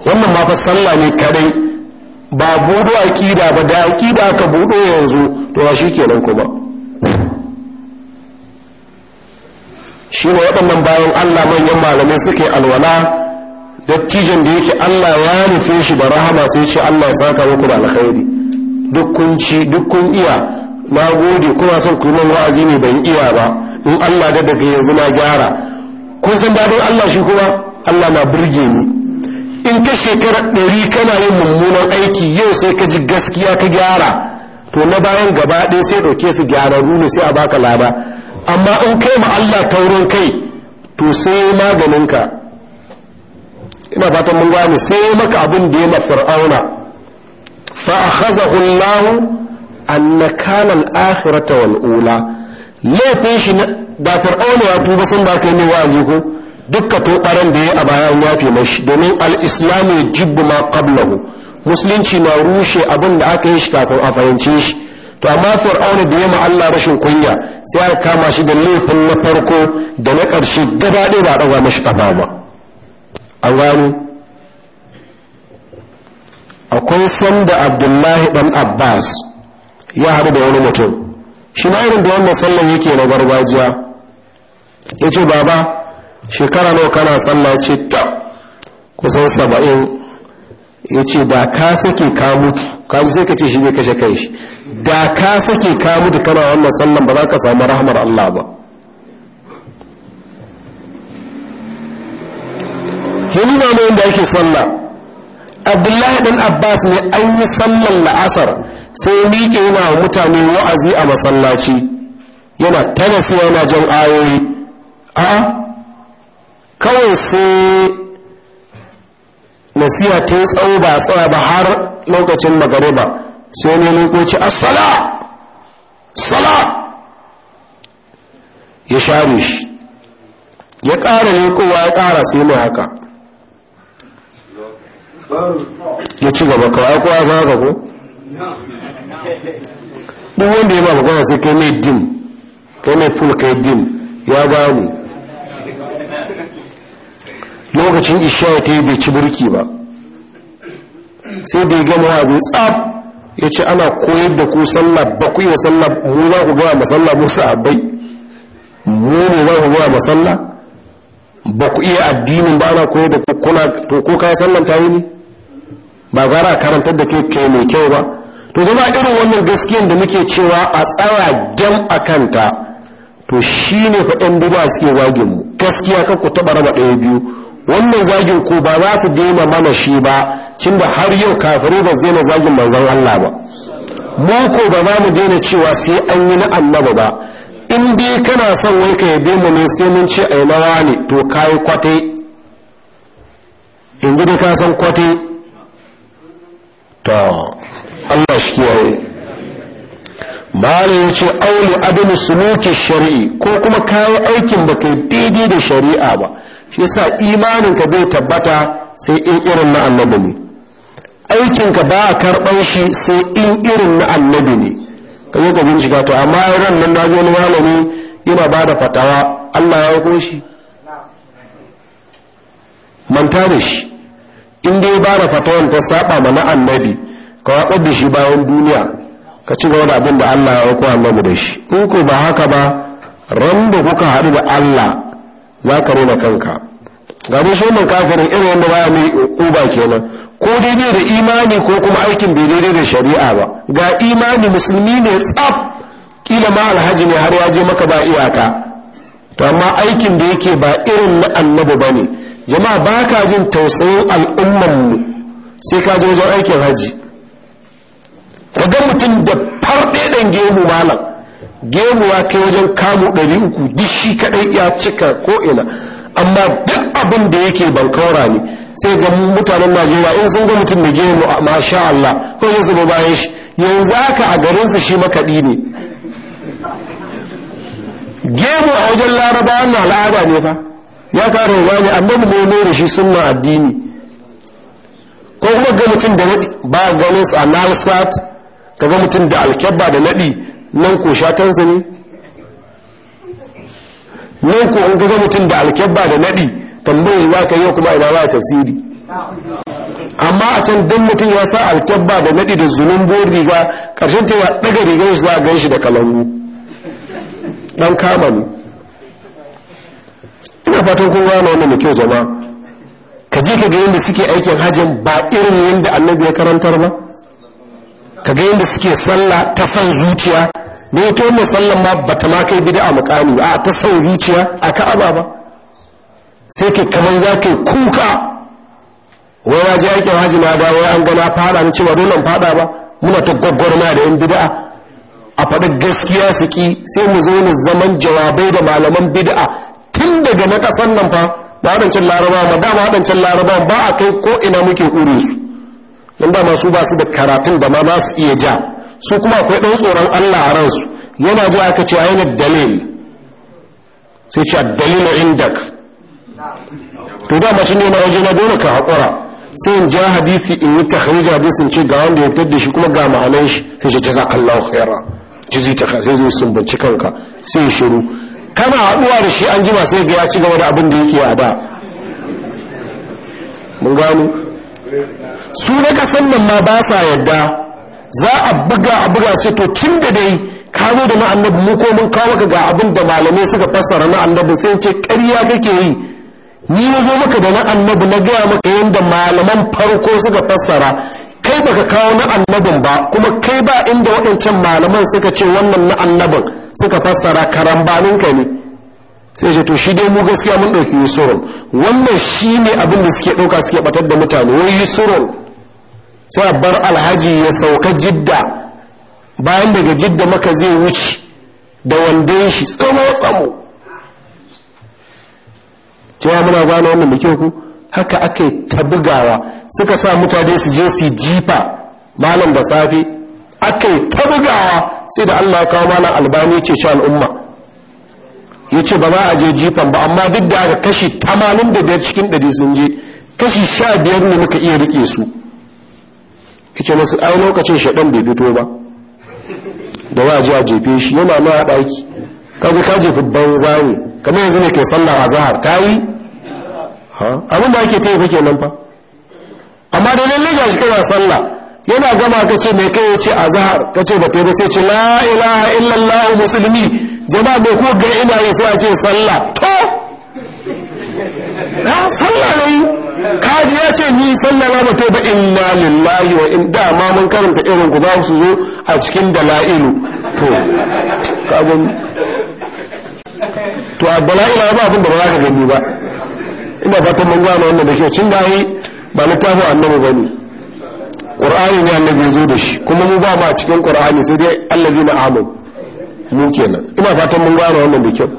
wannan ma fa sallah ne kadai ba budo aqida ba da aqida ka budo yanzu to ba shikenan kuma shi ne waɗannan bayan Allah manyan malamai suke alwala dattijan da yake Allah ya nufe shi da rahama sai ce Allah ya saka muku da alkhairi duk kun ci duk kun iya na gode kuna son ku nan wa'azi ne ban iya ba in Allah da daga yanzu na gyara kun san dadin Allah shi kuma Allah na burge ni in ta shekara ɗari kana yin mummunan aiki yau sai ka ji gaskiya ka gyara to na bayan gaba ɗaya sai ɗauke su gyararru ne sai a baka laba amma in kai ma Allah taurin kai to sai maganinka ina fatan mun gane sai maka abin da ya ma fir'auna fa akhazahu Allah an kana al-akhirata wal laifin shi da fir'auna ya tuba sun ba kai ne wa'azi ko dukka toɓaran da ya a bayan an yafe mashi domin al'islamu jibbu ma qablahu musulunci na rushe abin da aka yi shi kafin a fahimce shi to amma fir'auna da ya Allah rashin kunya sai aka kama shi da laifin na farko da na ƙarshe gaba ɗaya ba a ɗaga mashi ƙafa ba an gano akwai sanda abdullahi dan abbas ya haɗu da wani mutum shi ma irin da wannan sallan yake na gargajiya ya ce baba shekara nawa kana sallah ce ta kusan saba'in ya ce da ka sake ka mutu sai ka ce shi zai kashe kai shi da ka sake ka mutu kana wannan sallan ba za ka samu rahmar Allah ba yanzu na yadda ake sallah abdullahi dan abbas ne an yi sallan la'asar sai miƙe yana mutane wa'azi a masallaci yana tanasiya yana jan ayoyi a'a. kawai sai nasiya ta yi tsawo ba tsaya ba har lokacin magariba sai ne lokaci a sala ya share shi ya ƙara ne kowa ya ƙara sai mai haka ya ci gaba kawai kowa za ka ko duk wanda ya ba magana sai kai mai dim kai mai pul kai dim ya gani lokacin isha ta yi bai ci burki ba sai bai gama wazin tsab ya ce ana koyar da ku sallah bakwai wa sallah mu za ku gaya masalla a bai mu ne za ku gaya masalla ba ku iya addinin ba ana koyar da kuna to ko kayan sallan ta yi ne ba gara karantar da kai mai kyau ba to zama irin wannan gaskiyan da muke cewa a tsara gyan a kanta to shi ne faɗin duba suke zagin mu gaskiya kan ku taɓa raba ɗaya biyu wannan zagin ko ba za su daina mana shi ba cin da har yau kafirai ba zai daina zagin manzon Allah ba mu ko ba za mu daina cewa sai an yi na annaba ba in dai kana son wai ka yabe mu ne sai mun ce ai nawa ne to kai kwate In ji ka san kwate to Allah shi kiyaye malam ya ce auli adamu suluki shari'i ko kuma kayi aikin da kai daidai da shari'a ba shi yasa imaninka zai tabbata sai in irin na annabi ne aikinka ba a karɓar shi sai in irin na annabi ne ka zo ka bincika to amma ran nan da wani malami yana ba da fatawa allah ya ko shi manta da shi in dai ba da fatawan ta saba mana annabi ka waɗar da shi bayan duniya ka ci gaba da abin da allah ya ko annabi da shi in ko ba haka ba ran da kuka haɗu da allah za ka rena kanka ga shi mun kafirin irin wanda baya mai uba kenan ko daidai da imani ko kuma aikin bai daidai da shari'a ba ga imani musulmi ne tsaf kila ma alhaji ne har ya je maka ba iyaka to amma aikin da yake ba irin na annabi bane jama'a ba ka jin tausayin al'umman mu sai ka je wajen aikin haji ka ga mutum da farɗe ɗan gemu malam gemu ya kai wajen kamu 300 duk shi kadai ya cika ko ina amma duk abin da yake bankaura ne sai ga mutanen najeriya in sun ga mutum da gemu a masha Allah ko yanzu ba bayan shi yanzu haka a garinsa shi makaɗi ne gemu a wajen laraba na al'ada ne fa ya kare wa ne amma mu ne da shi sunna addini ko kuma ga mutum da naɗi ba ganin sa nalsat ka ga mutum da alkyabba da naɗi nan ko shatansa ne nan ko an gaga mutum da alkyabba da naɗi tambayi za ka yi kuma ina ba tafsiri amma a can don mutum ya sa alkyabba da naɗi da zunin buwar riga ƙarshen ta ya ɗaga rigar shi za a gan shi da kalangu ɗan kama ne ina fatan kun gano wannan da kyau jama'a ka je ka ga yadda suke aikin hajjin ba irin yadda annabi ya karantar ba ka ga yadda suke sallah ta san zuciya da to musallan ma ba ta makai kai a mukami a ta sau zuciya a ka'aba ba sai ke kamar za ka kuka wai ya ji aikin haji na da ya an gana fada ni cewa dole fada ba muna ta na da yin bid'a a faɗi gaskiya su ki sai mu zo mu zaman jawabai da malaman bid'a tun daga na ƙasan nan fa ba haɗancin laraba ma ba. haɗancin laraba ba a kai ko ina muke ƙuri su don dama su ba su da karatun da ma za su iya ja su kuma akwai ɗan tsoron Allah a ransu yana ji aka ce a ainihin dalil sai ce dalilu indak to dama shi ne na waje na dole ka haƙura sai in ja hadisi in yi takhrij hadisin ce ga wanda ya fitar da shi kuma ga ma'anan shi sai ce jazakallahu khaira jizi ta sai zai sumbanci kanka sai ya shiru kana haɗuwa da shi an jima sai ga ya ci gaba da abin da yake a da mun gano su na kasan nan ma ba sa yadda za a buga a buga sai to tun da dai ka da na mu ko mun kawo ka ga abin da malamai suka fassara na annabi sai ce ƙarya kake yi ni na zo maka da na annabi na gaya maka yadda malaman farko suka fassara kai baka kawo na annabin ba kuma kai ba inda waɗancan malaman suka ce wannan na annabin suka fassara karambaninka ne sai ce to shi dai mu gaskiya mun ɗauki yusurun wannan shi ne abin da suke ɗauka suke batar da mutane wai yusurun sai a bar alhaji ya sauka jidda bayan daga jidda maka zai wuce da wandon shi tsamo-tsamo cewa muna gano wannan da ku haka ake ta suka sa mutane su je su jifa malam da safe ake ta bugawa sai da allah kawo malam albani ce shi al'umma ya ce ba za a je jifan ba amma duk da aka kashi 85 cikin 100 sun je kashi sha biyar ne muka iya rike su yace masu ai lokacin shaɗan bai fito ba da wa ji a jefe shi yana ma a ɗaki kaji ka jefe banza ne kamar yanzu ne ke sallah a zahar ta yi abin da ake taifa ke nan fa amma da lalle ga shi kawai sallah yana gama ka ce mai kai ya ce a zahar ka ce ba sai ce la ilaha illallah musulmi jama'a bai ko ga ina yi sai a ce sallah to na sallah ne kaji ya ce ni sallah ba to ba inna lillahi wa in da ma mun karanta irin ku za su zo a cikin dala'ilu to kagun to a dala'ilu ba abin da ba za ka gani ba ina fatan mun gano wannan da kyau cin da yi ba tafi annabi ba ne ƙur'ani ne annabi ya zo da shi kuma mu ba ma cikin qur'ani sai dai allazi na amu mu kenan ina fatan mun gano wannan da kyau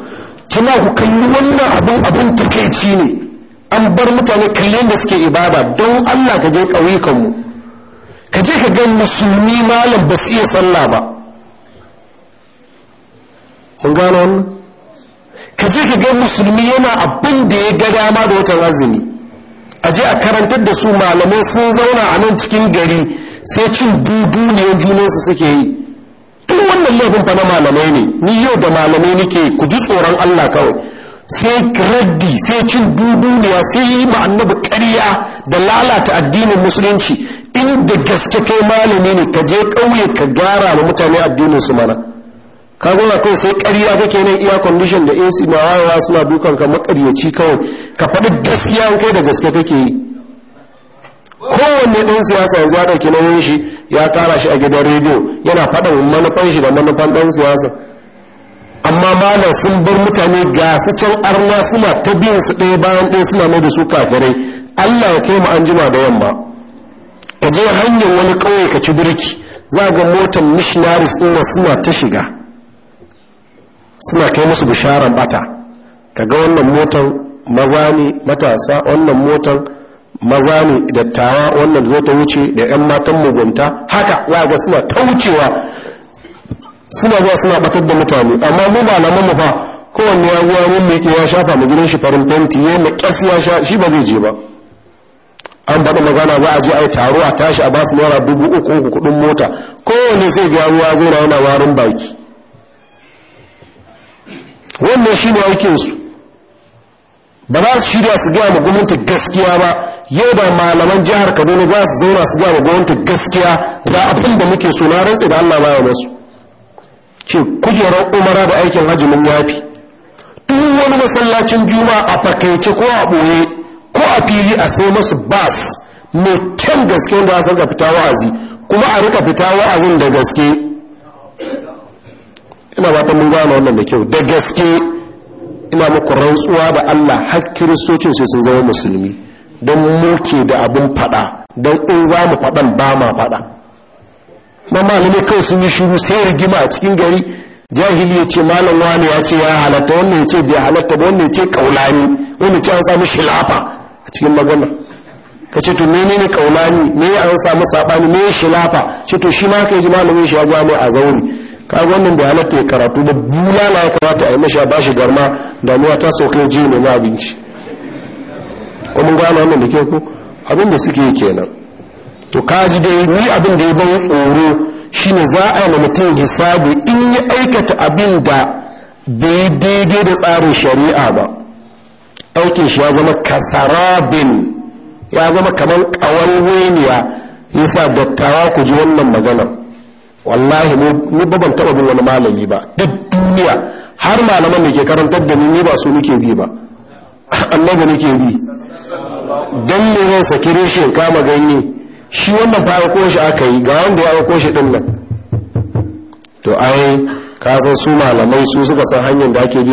kina ku kalli wannan abin abin takeici ne an bar mutane kalli da suke ibada don allah ka je ƙauyukanmu ka je ka gan musulmi malam ba su iya sallah ba kun gano wannan ka je ka ga musulmi yana abin da ya ga dama da watan azumi a je a karantar da su malamai sun zauna a nan cikin gari sai cin dudu ne junansu suke yi duk wannan laifin fa na malamai ne ni yau da malamai nake ku ji tsoron Allah kawai sai raddi sai cin duduniya sai yi ma annabi ƙarya da lalata addinin musulunci inda gaske kai malami ne ka je ƙauye ka gyara da mutane addinin su mana ka zauna kai sai ƙarya kake nan iya kwandishin da AC na wayewa suna dukan ka makaryaci kawai ka faɗi gaskiya kai da gaske kake yi kowanne ɗan siyasa yanzu ya ɗauki nauyin shi ya kara shi a gidan rediyo yana faɗa manufan shi da manufan ɗan siyasa amma malam sun bar mutane ga su can arna suna ta biyan su ɗaya bayan ɗaya suna mai da su kafirai allah ya kai mu an jima da yamma ka je hanyar wani ƙauye ka ci birki za ga motar missionaries ɗin suna ta shiga suna kai musu bisharar bata ka ga wannan motar maza ne matasa wannan motar maza ne dattawa wannan zo ta wuce da 'yan matan mugunta haka za ga suna ta wucewa suna zuwa suna batar da mutane amma mu malaman mu fa kowanne ya ruwa ruwan yake ya shafa mu gidan shi farin fenti ya mai ƙas ya sha shi ba zai je ba an baɗi magana za a je a yi taro a tashi a basu naira dubu uku uku kuɗin mota kowanne sai ga ruwa zo na yana warin baki wannan shi ne aikinsu ba za su shirya su gaya ma gwamnati gaskiya ba yau da malaman jihar kaduna za su zauna su gaya ma gwamnati gaskiya da abin da muke so na rantsi da allah baya masu ce kujerar umara da aikin hajji mun yafi duk wani masallacin juma'a a fakaice ko a ɓoye ko a fili a sai masu bas mai kyan gaske da san ka fita wa'azi kuma a rika fita wa'azin da gaske ina ba ta mun gano wannan da kyau da gaske ina muku rantsuwa da Allah har kiristocin sai sun zama musulmi don muke da abin fada don in za mu fadan ba ma fada ma malamai kai sun yi shuru sai rigima a cikin gari jahili ya ce malam wani ya ce ya halatta wannan ya ce bai halatta ba wannan ya ce kaulani wannan ce an samu shilafa a cikin magana ka ce to mene ne kaulani me an samu sabani me shilafa ce to shi ma kai ji malamin shi ya gwa mai a zauri ka wannan bai halatta ya karatu ba bulala ya kamata a yi mashi ba shi garma damuwa ta sauka ji ne ma abinci wani gwana wannan da ke ku abin da suke kenan to kaji dai ni abin da ya ban tsoro shine za a yi mutum hisabi in ya aikata abin da bai daidai da tsarin shari'a ba ɗaukin shi ya zama kasarabin ya zama kamar ƙawar weniya yasa dattawa ku ji wannan magana wallahi ni ban taɓa bin wani malami ba duk duniya har malaman da ke karantar da ni ba su nake bi ba annabi nake bi don ne zan saki reshe kama ganye shi wannan fa ya shi aka yi ga wanda ya aiko shi din nan to ai ka san su malamai su suka san hanyar da ake bi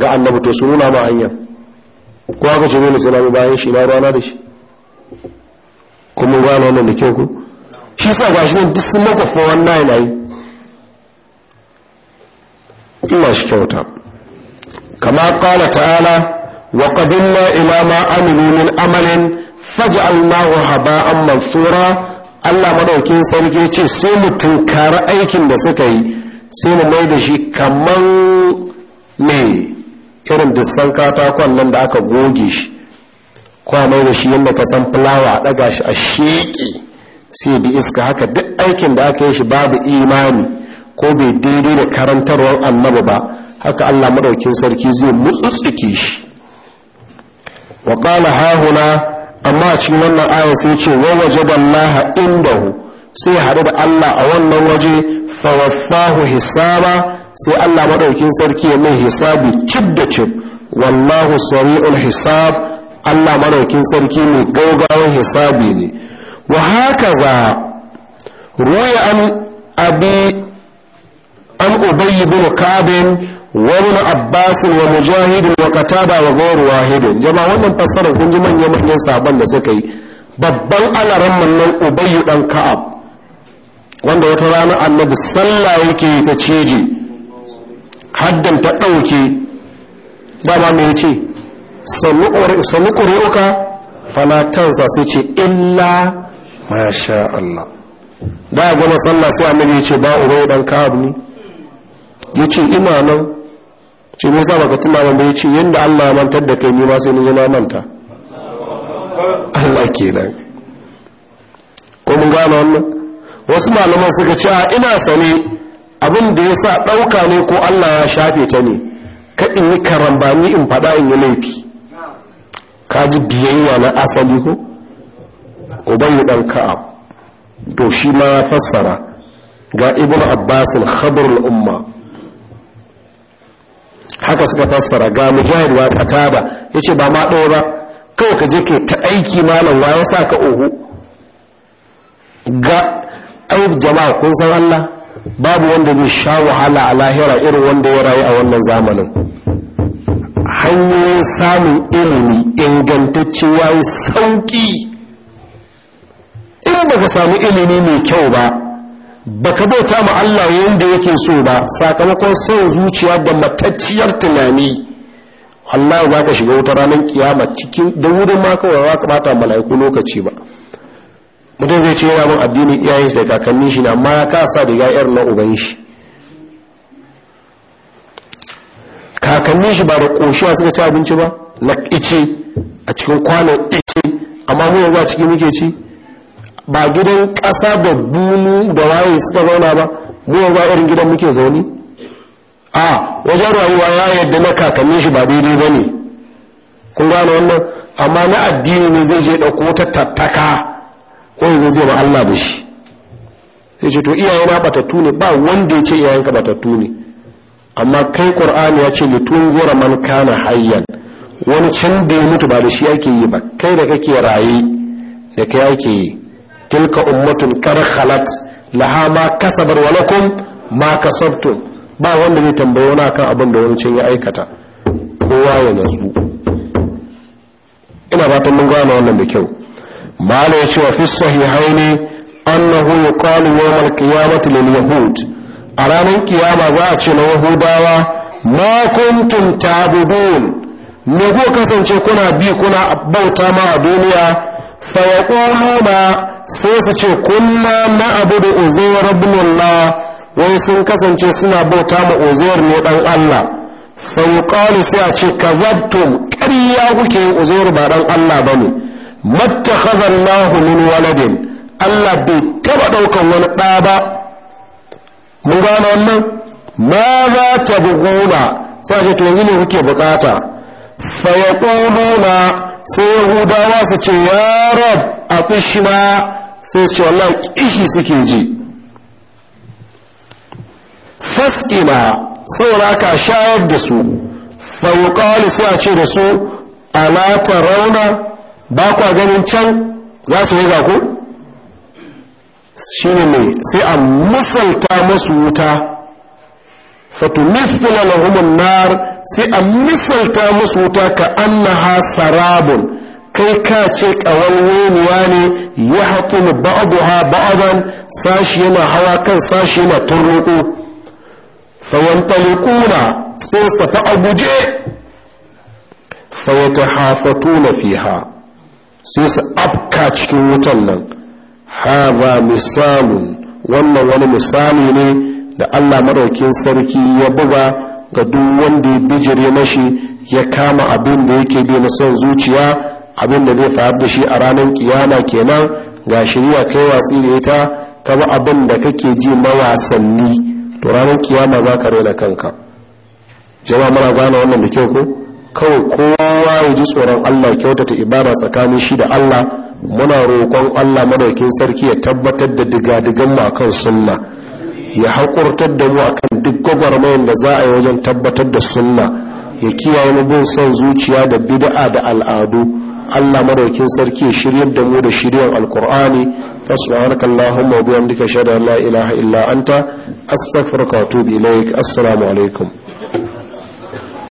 ga annabi to su nuna ma hanyar ko aka ce dole sai na bayan shi na rana da shi kuma gane wannan da kyau ku shi sa gashi nan duk sun maka 419 yi. ina shi kyauta kama qala ta'ala wa qadimna ila ma amilu min amalin faj'al Allahu haba'an mansura Allah madaukin sarki ce sai mu tunkari aikin da suka yi sai mu mai da shi kaman mai irin dusan katakon nan da aka goge shi ko mai da shi yadda ka san fulawa a ɗaga shi a sheƙi sai bi iska haka duk aikin da aka yi shi babu imani ko bai daidai da karantarwar annabi ba haka Allah madaukin sarki zai mutsutsuke shi wa qala hahuna amma a cikin wannan aya sai ce wa wajada Allah indahu sai ya haɗu da Allah a wannan waje fawaffahu hisaba sai Allah madaukin sarki ya mai hisabi cib da cib wallahu sari'ul hisab Allah madaukin sarki mai gaugawan hisabi ne wa hakaza ruwaya an abi an ubayy bin kabin وابن عباس ومجاهد وقتادة وغير واحد jama'a wannan fassara kun ji manyan manyan sabon da suka yi babban alaran nan ubayyu dan ka'ab wanda wata rana annabi sallah yake ta ceji haddan ta dauke ba ba me yace sanu qur'uka fala tansa sai ce illa masha Allah da gama sallah sai annabi ce ba ubayyu dan ka'ab ne ya ce ina nan ce me sa baka tuna ba ya ce yadda Allah ya mantar da kai ni sai nuna manta Allah ke ko mun gano wannan wasu malaman suka ce a ina sane abin da ya sa ɗauka ne ko Allah ya shafe ta ne ka in yi karambani in faɗa in yi laifi ka ji biyayya na asali ko uban yi ɗan ka'a to shi ma fassara ga ibn abbasin khabar umma. haka suka fassara ga mujahid wa kataba yace ba ma dora ba kawai ka je ke ta aiki malam wa ya sa ka ohu ga ai jama'a kun san Allah babu wanda zai sha wahala a lahira irin wanda ya rayu a wannan zamanin hanyoyin samun ilimi ingantacce yayi sauki in baka samu ilimi mai kyau ba baka bauta ma Allah yanda yake so ba sakamakon son zuciya da matacciyar tunani Allah za ka shiga wata ranar kiyama cikin da wurin ma kawai ba kamata mala'iku lokaci ba mutum zai ce yana mun addinin iyayen shi da kakannin shi na amma ya kasa da ya'yar na uban shi kakanni shi ba da a suka ci abinci ba na ice a cikin kwanan ice amma mu yanzu a cikin muke ci ba gidan ƙasa da bunu da waye suka zauna ba mu yanzu irin gidan muke zaune a wajen rayuwa ya yadda na kakannin shi ba daidai ba ne kun gane wannan amma na addini ne zai je ɗauko ta tattaka ko yanzu zai ba Allah da shi sai ce to iyaye na batattu ne ba wanda ya ce iyayenka batattu ne amma kai qur'ani ya ce mutum zura man kana hayyan wani can da ya mutu ba da shi yake yi ba kai da kake raye da kai yake yi tilka ummatun kar khalat laha ma kasabar wa ma kasabtum ba wanda zai tambaye wani akan abin da wani cin ya aikata kowa ya nasu ina fatan mun gane wannan da kyau mala ya ce wa fi sahihaini annahu yuqalu yawm al-qiyamati lil yahud a ranar kiyama za a ce na yahudawa ma kuntum ta'budun me ku kasance kuna bi kuna bauta ma a duniya fa yaquluna sai su ce kunna ma'abudu uzair ibn Allah wai sun kasance suna bauta ma uzair ne dan Allah fa yuqalu sai a ce kazabtum ƙarya kuke uzair ba dan Allah bane mattakhadha Allah min waladin Allah bai taba daukan wani ɗa ba mun gano wannan ma za ta buguna sai ce to yanzu ne kuke bukata fa yaquluna sai hudawa su ce ya rab a kushina sai su ce wannan kishi suke ji fasqina saboda ka shayar da su fa yuqalu sai a ce da su ala rauna. ba kwa ganin can za su yi ku shi ne sai a misalta masu wuta na lahum nar sai a misalta masu wuta ka annaha sarabun kai ka ce ƙawanwenuwa ne ya ba'adu ba'aduha ba'adan sashi yana hawa kan sashi yana turnuku fawantalikuna sai safa a guje fawata hafatuna fiha sai su afka cikin wutan nan ba misalin wannan wani misali ne da allah maraukin sarki ya buga ga duk wanda ya bijire mashi ya kama abin da yake bi na son zuciya abin da zai faru da shi a ranar kiyama kenan ga shirya kai watsi da ita kama abin da kake ji na wasanni to ranar kiyama za ka rena kanka Jama muna gane wannan da kyau ko kawai kowa ya ji tsoron allah kyautata ibada tsakanin shi da allah muna roƙon allah madaukin sarki ya tabbatar da digadigan mu akan sunna ya haƙurtar da mu akan duk gwagwarmayin da za a yi wajen tabbatar da sunna ya kiyaye mu bin son zuciya da bid'a da al'adu Allah madaukin sarki shiryar da mu da shiryar alkur'ani fa subhanaka duka wa lailaha shada illa anta astaghfiruka wa atubu assalamu alaikum